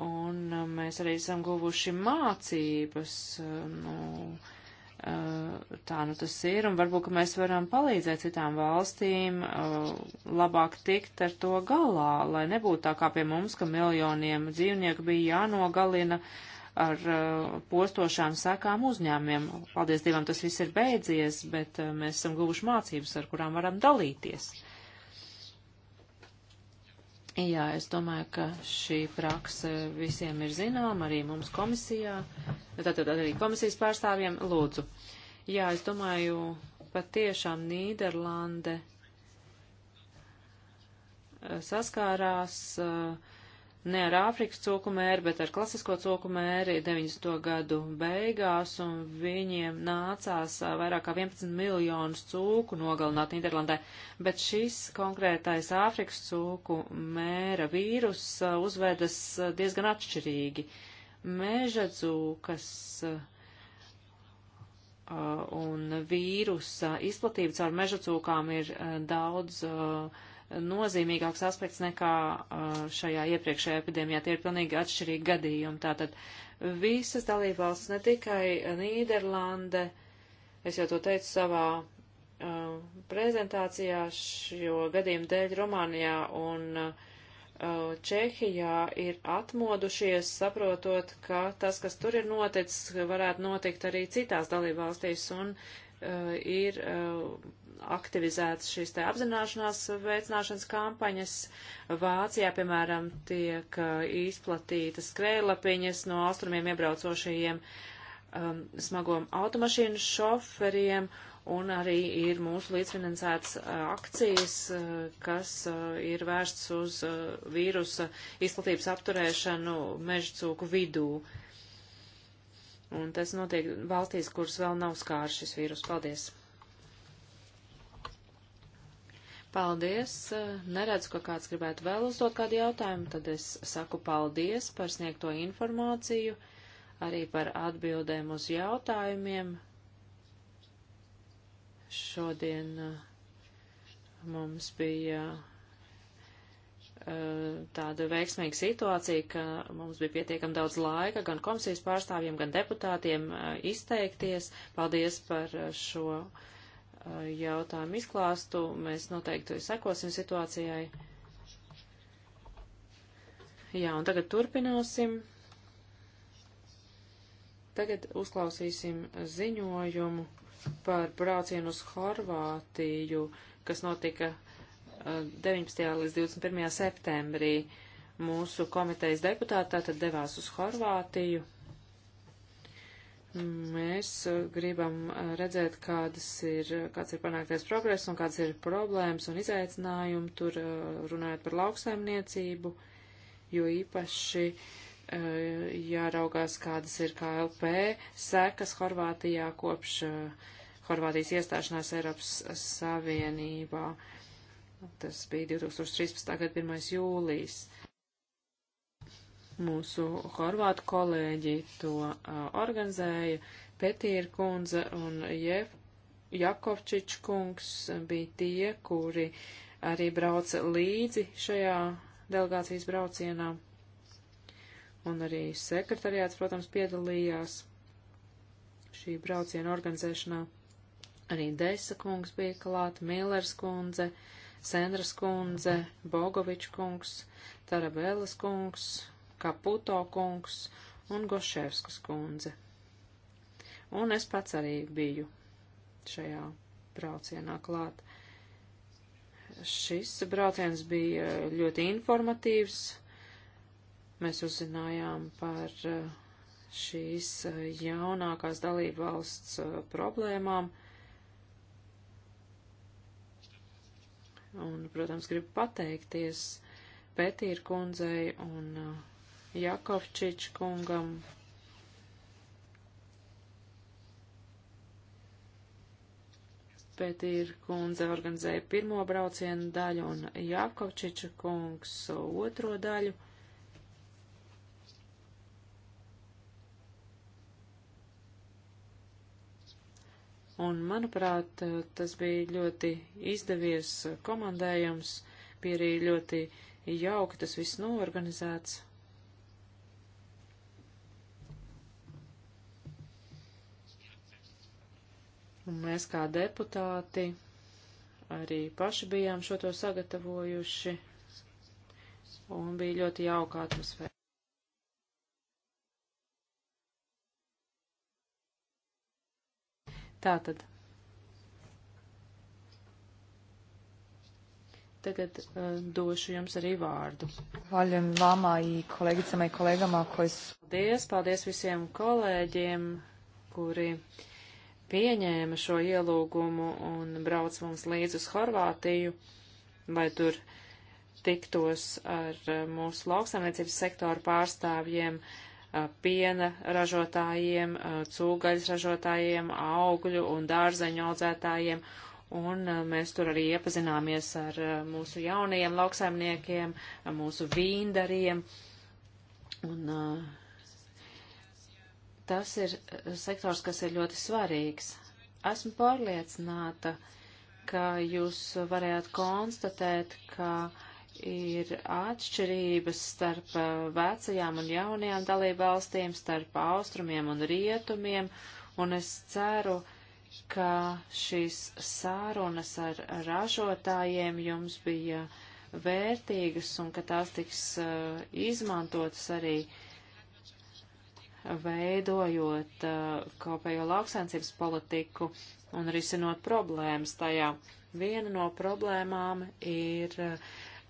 Un uh, mēs arī esam guvuši mācības, uh, nu, uh, tā nu tas ir, un varbūt, ka mēs varam palīdzēt citām valstīm labāk tikt ar to galā, lai nebūtu tā kā pie mums, ka miljoniem dzīvnieku bija jānogalina ar uh, postošām sekām uzņēmiem. Paldies Dievam, tas viss ir beidzies, bet uh, mēs esam guvuši mācības, ar kurām varam dalīties. Jā, es domāju, ka šī praksa visiem ir zinām, arī mums komisijā, tātad arī komisijas pārstāvjiem lūdzu. Jā, es domāju, pat tiešām Nīderlande eh, saskārās uh, ne ar Āfrikas cūku mēri, bet ar klasisko cūku mēri 90. gadu beigās, un viņiem nācās vairāk kā 11 miljonus cūku nogalināt Nīderlandē. Bet šis konkrētais Āfrikas cūku mēra vīrus uzvedas diezgan atšķirīgi. Meža cūkas un vīrusa izplatība caur meža cūkām ir daudz uh, nozīmīgāks aspekts nekā šajā iepriekšējā epidēmijā. Tie ir pilnīgi atšķirīgi gadījumi. Tātad visas dalībvalstis, ne tikai Nīderlande, es jau to teicu savā uh, prezentācijā, jo gadījumu dēļ Rumānijā un uh, Čehijā ir atmodušies, saprotot, ka tas, kas tur ir noticis, varētu notikt arī citās dalībvalstīs, un Eh, ir eh, aktivizētas šīs te apzināšanās veicināšanas kampaņas. Vācijā, piemēram, tiek eh, izplatītas skrējlapiņas no austrumiem iebraucošajiem um, smagom automašīnu šoferiem, un arī ir mūsu līdzfinansētas uh, akcijas, uh, kas uh, ir vērsts uz uh, vīrusa izplatības apturēšanu mežcūku vidū. Uh, Un tas notiek valstīs, kuras vēl nav skārs šis vīrus. Paldies! Paldies! Neredzu, ka kāds gribētu vēl uzdot kādu jautājumu, tad es saku paldies par sniegto informāciju, arī par atbildēm uz jautājumiem. Šodien uh, mums bija Eh, tāda veiksmīga situācija, ka mums bija pietiekam daudz laika gan komisijas pārstāvjiem, gan deputātiem eh, izteikties. Paldies par eh, šo jautājumu izklāstu. Mēs noteikti sekosim situācijai. Jā, un tagad turpināsim. Tagad uzklausīsim ziņojumu par braucienu uz Horvātiju, kas notika 19. līdz 21. septembrī mūsu komitejas deputāti tātad devās uz Horvātiju. Mēs uh, gribam uh, redzēt, kādas ir, kāds ir panāktais progress un kādas ir problēmas un izaicinājumi tur uh, runājot par lauksaimniecību, jo īpaši jāraugās, kādas ir KLP sekas Horvātijā kopš Horvātijas iestāšanās Eiropas Savienībā. Uh, Tas bija 2013. gada 1. jūlijas. Mūsu horvātu kolēģi to uh, organizēja. Petīra kundze un Jef, Jakovčič kungs bija tie, kuri arī brauca līdzi šajā delegācijas braucienā. Un arī sekretariāts, protams, piedalījās šī brauciena organizēšanā. Arī Desa kungs bija klāt, Millers kundze. Uh, Sendras kundze, Bogovič kungs, Tarabēlas kungs, Kaputo kungs un Goševskas kundze. Un es pats arī biju šajā braucienā klāt. Šis brauciens bija ļoti informatīvs. Mēs uzzinājām par uh, šīs uh, jaunākās dalību valsts uh, problēmām. Un, protams, gribu pateikties Petīra kundzei un uh, Jakovčič kungam. Petīra kundze organizēja pirmo braucienu daļu un Jakovčiča kungs otro daļu. Un, manuprāt, tas bija ļoti izdevies komandējums, bija arī ļoti jauki tas viss norganizēts. Un mēs kā deputāti arī paši bijām šo to sagatavojuši, un bija ļoti jauka atmosfēra. Tātad. Tagad uh, došu jums arī vārdu. Vaļam vāmā i kolēģicamai kolēgamā, ko es. Paldies, paldies visiem kolēģiem, kuri pieņēma šo ielūgumu un brauc mums līdz uz Horvātiju, lai tur tiktos ar uh, mūsu lauksamniecības sektoru pārstāvjiem. Uh, piena ražotājiem, cūgaļas ražotājiem, augļu un dārzeņu audzētājiem. Un mēs tur arī iepazināmies ar mūsu jaunajiem lauksaimniekiem, mūsu vīndariem. Un tas ir sektors, kas ir ļoti svarīgs. Esmu pārliecināta, ka jūs varējāt konstatēt, ka uh, ir atšķirības starp uh, vecajām un jaunajām dalībvalstīm, starp austrumiem un rietumiem, un es ceru, ka šīs sārunas ar ražotājiem jums bija vērtīgas un ka tās tiks uh, izmantotas arī veidojot uh, kopējo lauksainsības politiku un risinot problēmas tajā. Viena no problēmām ir uh,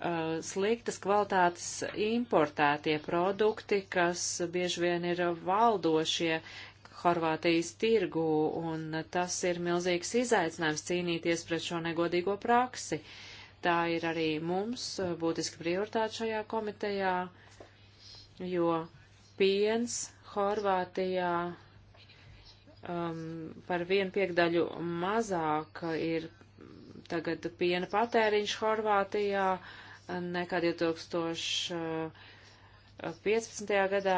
Uh, sliktas kvalitātes importētie produkti, kas bieži vien ir valdošie Horvātijas tirgu, un tas ir milzīgs izaicinājums cīnīties pret šo negodīgo praksi. Tā ir arī mums būtiska prioritāte šajā komitejā, jo piens Horvātijā um, par vienu piekdaļu mazāk ir tagad piena patēriņš Horvātijā, uh, nekā 2015. gadā,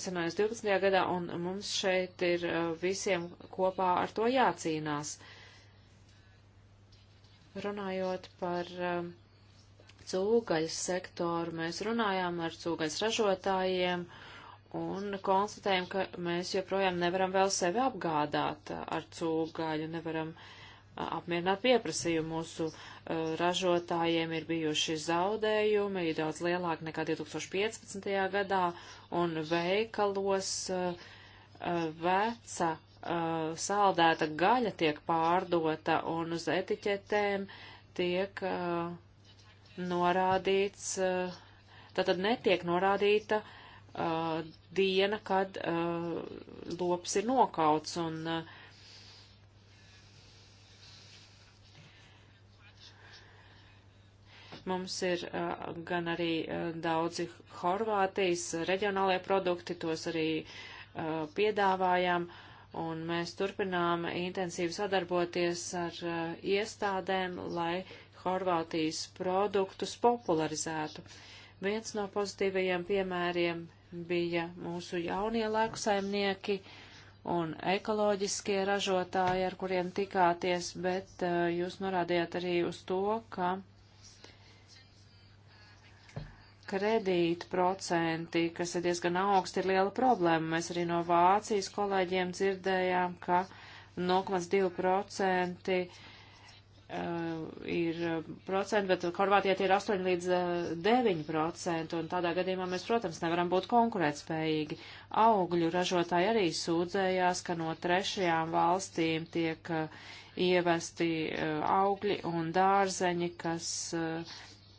es runāju, 12. gadā, un mums šeit ir visiem kopā ar to jācīnās. Runājot par cūgaļas sektoru, mēs runājām ar cūgaļas ražotājiem un konstatējam, ka mēs joprojām nevaram vēl sevi apgādāt ar cūgaļu, nevaram uh, apmierināt pieprasījumu. Mūsu uh, ražotājiem ir bijuši zaudējumi, ir daudz lielāki nekā 2015. gadā, un veikalos uh, veca uh, saldēta gaļa tiek pārdota, un uz etiķetēm tiek norādīts, tātad netiek norādīta diena, kad lops ir nokauts, un Mums ir uh, gan arī uh, daudzi Horvātijas reģionālie produkti, tos arī uh, piedāvājām, un mēs turpinām intensīvi sadarboties ar uh, iestādēm, lai Horvātijas produktus popularizētu. Viens no pozitīvajiem piemēriem bija mūsu jaunie lēku saimnieki un ekoloģiskie ražotāji, ar kuriem tikāties, bet uh, jūs norādījāt arī uz to, ka kredītprocenti, kas ir diezgan augsti, ir liela problēma. Mēs arī no Vācijas kolēģiem dzirdējām, ka 0,2% uh, ir uh, procenti, bet Horvātijā tie ir 8 līdz 9%, uh, un tādā gadījumā mēs, protams, nevaram būt konkurētspējīgi. Augļu ražotāji arī sūdzējās, ka no trešajām valstīm tiek ievesti augļi un dārzeņi, kas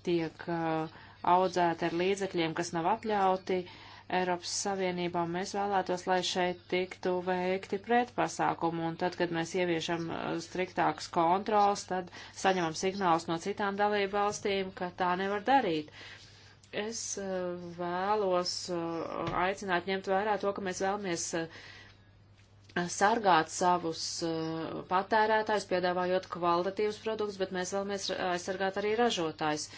tiek uh, audzēti ar līdzekļiem, kas nav atļauti Eiropas Savienībā. Mēs vēlētos, lai šeit tiktu veikti pretpasākumi, un tad, kad mēs ieviešam uh, striktākas kontrols, tad saņemam signālus no citām dalību valstīm, ka tā nevar darīt es uh, vēlos uh, aicināt ņemt vērā to, ka mēs vēlamies sargāt savus patērētājus, piedāvājot kvalitatīvus produktus, bet mēs vēlamies aizsargāt arī ražotājus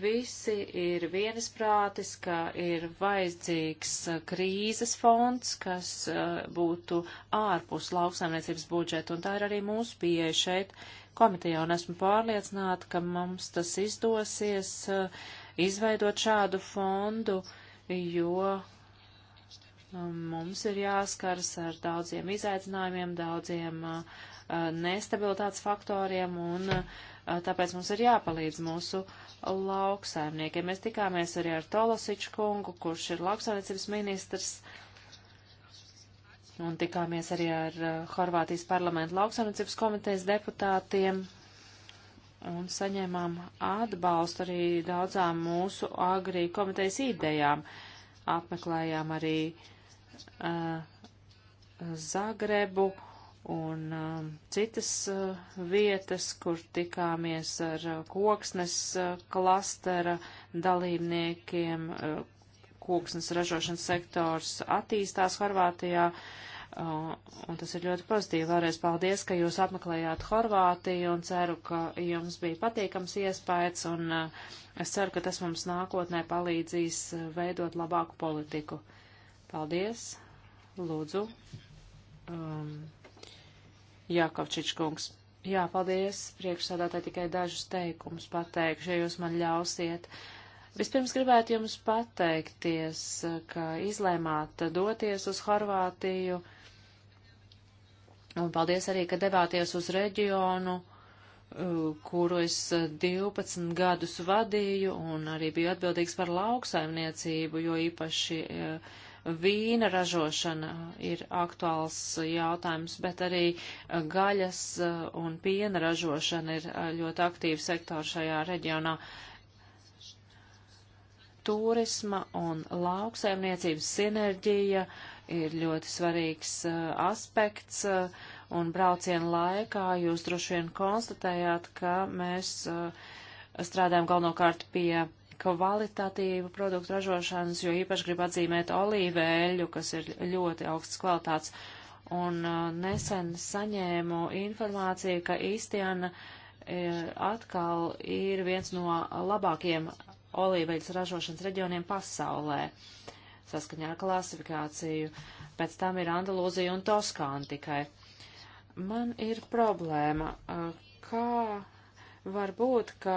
visi ir vienisprātis, ka ir vajadzīgs uh, krīzes fonds, kas uh, būtu ārpus lauksaimniecības budžeta, un tā ir arī mūsu pieeja šeit komitejā, un esmu pārliecināta, ka mums tas izdosies uh, izveidot šādu fondu, jo um, mums ir jāskars ar daudziem izaicinājumiem, daudziem nestabilitātes faktoriem un uh, tāpēc mums ir jāpalīdz mūsu lauksaimniekiem. Mēs tikāmies arī ar Tolosiču kungu, kurš ir lauksaimniecības ministrs, un tikāmies arī ar Horvātijas parlamenta lauksaimniecības komitejas deputātiem, un saņēmām atbalstu arī daudzām mūsu agrī komitejas idejām. Apmeklējām arī uh, Zagrebu, uh, un uh, citas uh, vietas, kur tikāmies ar uh, koksnes uh, klastera dalībniekiem. Uh, koksnes ražošanas sektors attīstās Horvātijā, uh, un tas ir ļoti pozitīvi. Vēlreiz paldies, ka jūs apmeklējāt Horvātiju, un ceru, ka jums bija patīkams iespējas, un uh, es ceru, ka tas mums nākotnē palīdzīs uh, veidot labāku politiku. Paldies! Lūdzu! Um, Jākovčič kungs. Jā, paldies. Priekšsādātāji tikai dažus teikumus pateikšu, ja jūs man ļausiet. Vispirms gribētu jums pateikties, ka izlēmāt doties uz Horvātiju. Un paldies arī, ka devāties uz reģionu, uh, kuru es 12 gadus vadīju un arī biju atbildīgs par lauksaimniecību, jo īpaši uh, vīna ražošana ir aktuāls jautājums, bet arī eh, gaļas eh, un piena ražošana ir eh, ļoti aktīva sektora šajā reģionā. Turisma un lauksaimniecības sinerģija ir ļoti svarīgs aspekts, un brauciena laikā jūs droši vien konstatējāt, ka mēs strādājam galvenokārt pie kvalitatīvu produktu ražošanas, jo īpaši grib atzīmēt olīvēļu, kas ir ļoti augsts kvalitāts. Un uh, nesen saņēmu informāciju, ka Īstiana uh, atkal ir viens no labākiem olīveļas ražošanas reģioniem pasaulē, saskaņā ar klasifikāciju. Pēc tam ir Andalūzija un Toskāna tikai. Man ir problēma, uh, kā var būt, ka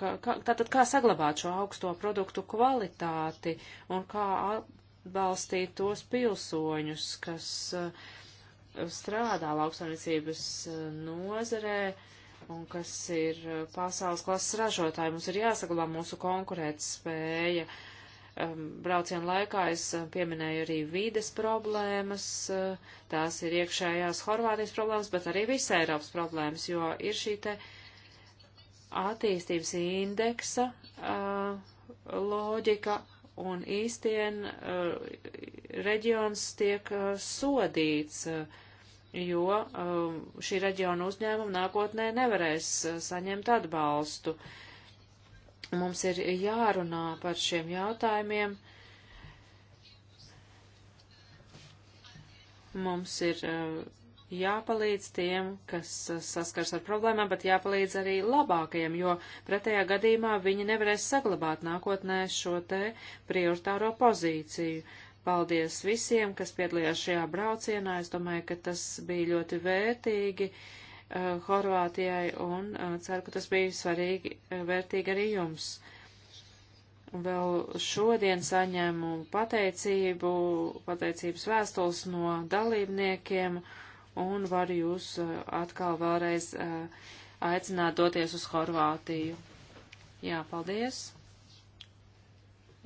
kā, kā, tātad kā saglabāt šo augsto produktu kvalitāti un kā atbalstīt tos pilsoņus, kas eh, strādā lauksaimniecības eh, nozarē un kas ir eh, pasaules klases ražotāji. Mums ir jāsaglabā mūsu konkurētspēja. Ehm, braucienu laikā es pieminēju arī vides problēmas, tās ir iekšējās Horvātijas problēmas, bet arī visai Eiropas problēmas, jo ir šī te uh, attīstības indeksa uh, loģika un īstien uh, reģions tiek uh, sodīts, jo šī reģiona uzņēmuma nākotnē nevarēs saņemt atbalstu. Mums ir jārunā par šiem jautājumiem. Mums ir uh, jāpalīdz tiem, kas uh, saskars ar problēmām, bet jāpalīdz arī labākajiem, jo pretējā gadījumā viņi nevarēs saglabāt nākotnē šo te prioritāro pozīciju. Paldies visiem, kas piedalījās šajā braucienā. Es domāju, ka tas bija ļoti vērtīgi uh, Horvātijai un uh, ceru, ka tas bija svarīgi, uh, vērtīgi arī jums. Vēl šodien saņēmu pateicību, pateicības vēstules no dalībniekiem un varu jūs eh, atkal vēlreiz eh, aicināt doties uz Horvātiju. Jā, paldies.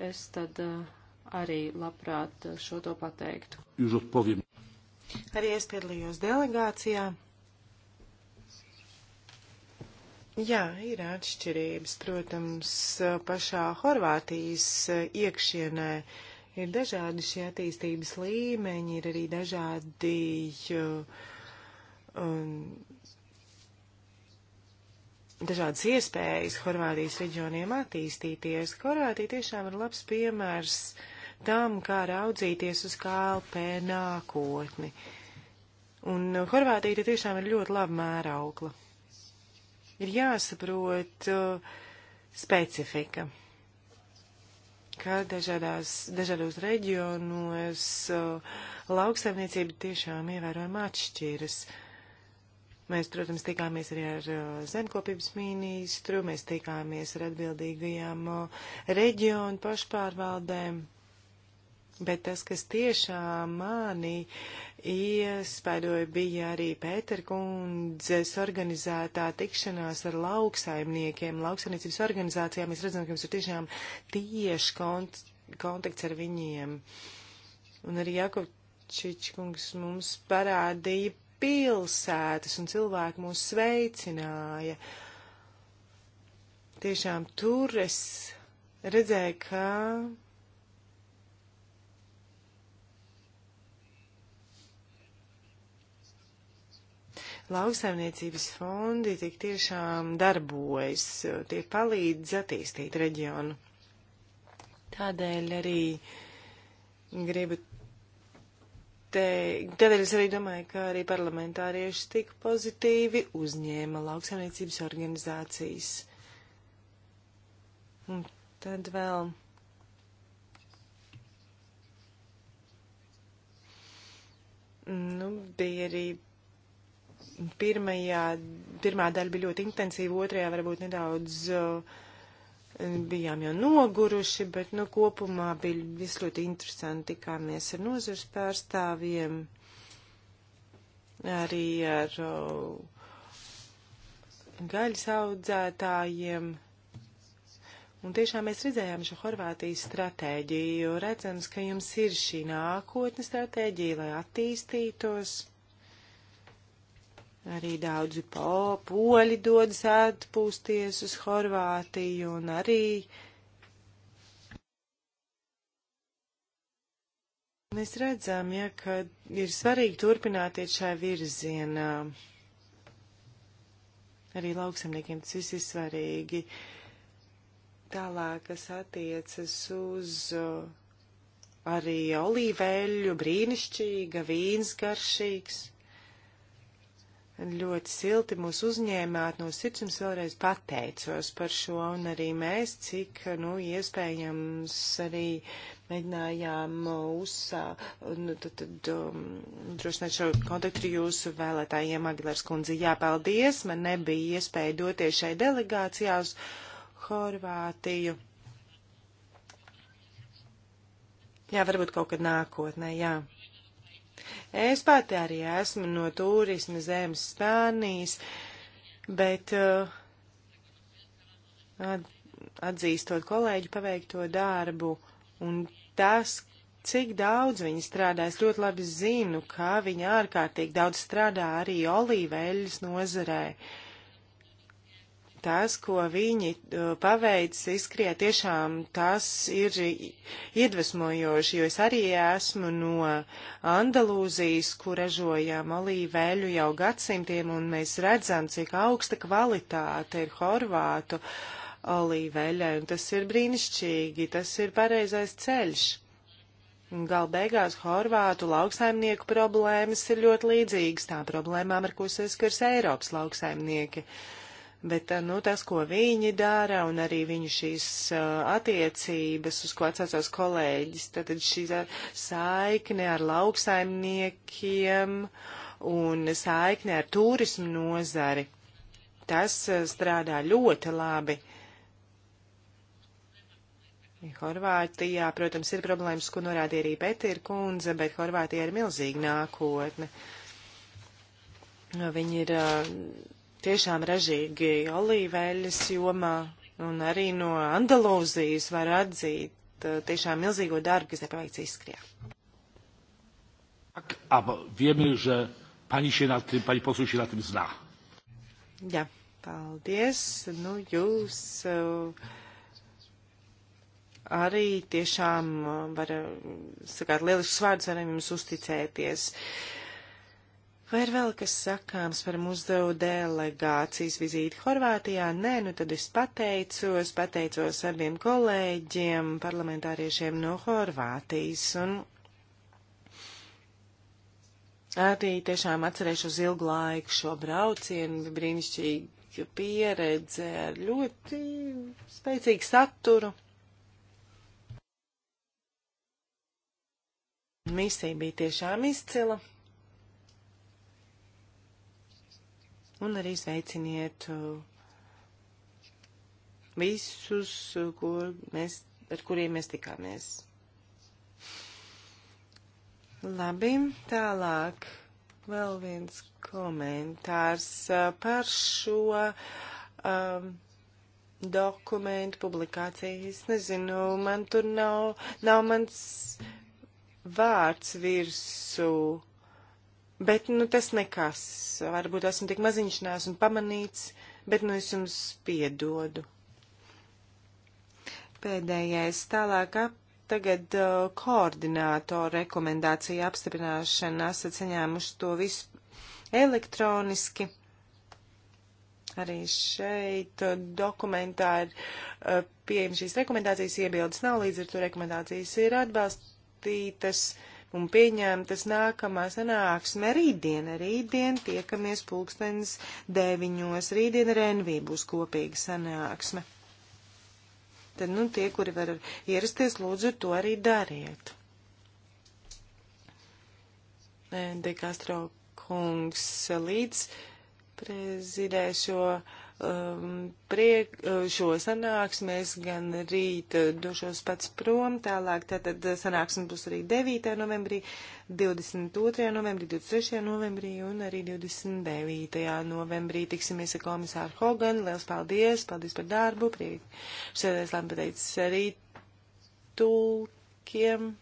Es tad eh, arī labprāt šo to pateiktu. Jūs atpaviem. Arī es piedalījos delegācijā. Jā, ir atšķirības, protams, pašā Horvātijas iekšienē. Uh, ir dažādi šie attīstības līmeņi, ir arī dažādi. Um, Dažādas iespējas Horvātijas reģioniem attīstīties. Horvātija tiešām ir labs piemērs tam, kā raudzīties uz KLP nākotni. Un Horvātija tiešām ir ļoti laba mēraukla. Ir jāsaprot uh, specifika ka dažādās, dažādos reģionos uh, lauksaimniecība tiešām ievērojami atšķiras. Mēs, protams, tikāmies arī ar uh, zemkopības ministru, mēs tikāmies ar atbildīgajām uh, reģionu pašpārvaldēm. Bet tas, kas tiešām mani iespaidoja, bija arī Pēterkundzes organizētā tikšanās ar lauksaimniekiem, lauksaimniecības organizācijām. Mēs redzam, ka mums ir tiešām tieši kont kontakts ar viņiem. Un arī Jakovčičkungs mums parādīja pilsētas, un cilvēki mūs sveicināja. Tiešām tur es redzēju, ka lauksaimniecības fondi tik tiešām darbojas, tie palīdz attīstīt reģionu. Tādēļ arī gribu te, tādēļ es arī domāju, ka arī parlamentārieši tik pozitīvi uzņēma lauksaimniecības organizācijas. Un tad vēl. Nu, bija arī pirmajā, pirmā daļa bija ļoti intensīva, otrajā varbūt nedaudz uh, bijām jau noguruši, bet nu, kopumā bija viss ļoti interesanti. Tikāmies ar nozars pārstāvjiem, arī ar uh, gaļas audzētājiem. Un tiešām mēs redzējām šo Horvātijas stratēģiju, redzams, ka jums ir šī nākotnes stratēģija, lai attīstītos. Arī daudzi po, poļi dodas atpūsties uz Horvātiju un arī. Mēs redzam, ja, ka ir svarīgi turpināties šai virzienā. Arī lauksamniekiem tas viss ir svarīgi. Tālāk, kas attiecas uz uh, arī olīveļu, brīnišķīga, vīns garšīgs ļoti silti mūs uzņēmāt. No sirds jums vēlreiz pateicos par šo, un arī mēs, cik, nu, iespējams, arī mēģinājām uzsā, nu, tad, tad um, drošināt šo kontaktu ar jūsu vēlētājiem, Agilērs kundze. Jā, paldies, man nebija iespēja doties šai delegācijā uz Horvātiju. Jā, varbūt kaut kad nākotnē, jā. Es pati arī esmu no turisma zemes Spānijas, bet uh, atzīstot kolēģi paveikto darbu un tas, cik daudz viņi strādā, es ļoti labi zinu, ka viņi ārkārtīgi daudz strādā arī olīveļas nozarē. Uh, tas, ko viņi uh, paveic, izskrie tiešām tas ir iedvesmojoši, jo es arī esmu no Andalūzijas, kur ražojām olīveļu jau gadsimtiem, un mēs redzam, cik augsta kvalitāte ir horvātu olīveļai, un tas ir brīnišķīgi, tas ir pareizais ceļš. Gal beigās Horvātu lauksaimnieku problēmas ir ļoti līdzīgas tām problēmām, ar ko saskars Eiropas lauksaimnieki. Uh, Bet eh, nu, tas, ko viņi dara, un arī viņu šīs eh, attiecības, uz ko atsaucās kolēģis, tad šī saikne ar lauksaimniekiem un saikne ar turismu nozari, tas eh, strādā ļoti labi. Horvātijā, protams, ir problēmas, ko norādīja arī Petīra kundze, bet Horvātijā ir milzīga nākotne. Nu, viņi ir uh, tiešām ražīgi olīveļas jomā un arī no Andalūzijas var atzīt eh, tiešām milzīgo darbu, kas ir paveikts Iskrijā. Tak, aber wiemy, że pani się na tym, pani poseł się na tym zna. Ja, paldies. Nu, jūs eh, arī tiešām eh, var, sakāt, lielisks vārds varam jums uzticēties. Uh, Vai ir vēl kas sakāms par mūsu delegācijas vizīti Horvātijā? Nē, nu tad es pateicos, pateicos abiem kolēģiem, parlamentāriešiem no Horvātijas. Un arī tiešām atcerēšos ilgu laiku šo braucienu, brīnišķīga pieredze ar ļoti spēcīgu saturu. Misija bija tiešām izcila. un arī sveiciniet uh, visus, uh, kur mēs, ar kuriem mēs tikāmies. Labi, tālāk vēl viens komentārs uh, par šo um, dokumentu publikāciju. Es nezinu, man tur nav, nav mans vārds virsū. Bet, nu, tas nekas. Varbūt esmu tik maziņš, neesmu pamanīts, bet, nu, es jums piedodu. Pēdējais tālāk ap, tagad uh, koordinātoru rekomendācija apstiprināšana. Esat saņēmuši to visu elektroniski. Arī šeit uh, dokumentā ir uh, pieejama šīs rekomendācijas iebildes nav, līdz ar to rekomendācijas ir atbalstītas. Uh, un pieņemtas nākamā sanāksme rītdien. Rītdien tiekamies pulkstens deviņos. Rītdien ar NV būs kopīga sanāksme. Tad, nu, tie, kuri var ierasties, lūdzu, to arī dariet. De Castro kungs līdz prezidē šo um, priek, uh, šo sanāksmēs, gan rīt uh, došos pats prom, tālāk tātad uh, sanāksme būs arī 9. novembrī, 22. novembrī, 23. novembrī un arī 29. novembrī tiksimies ar komisāru Hogan. Liels paldies, paldies par darbu, priek. Šodien es labi pateicu arī tulkiem.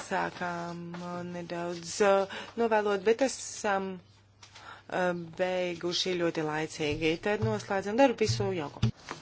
sākām uh, nedaudz uh, novēlot, bet esam uh, beiguši ļoti laicīgi. Tad noslēdzam darbu visu jaukumu.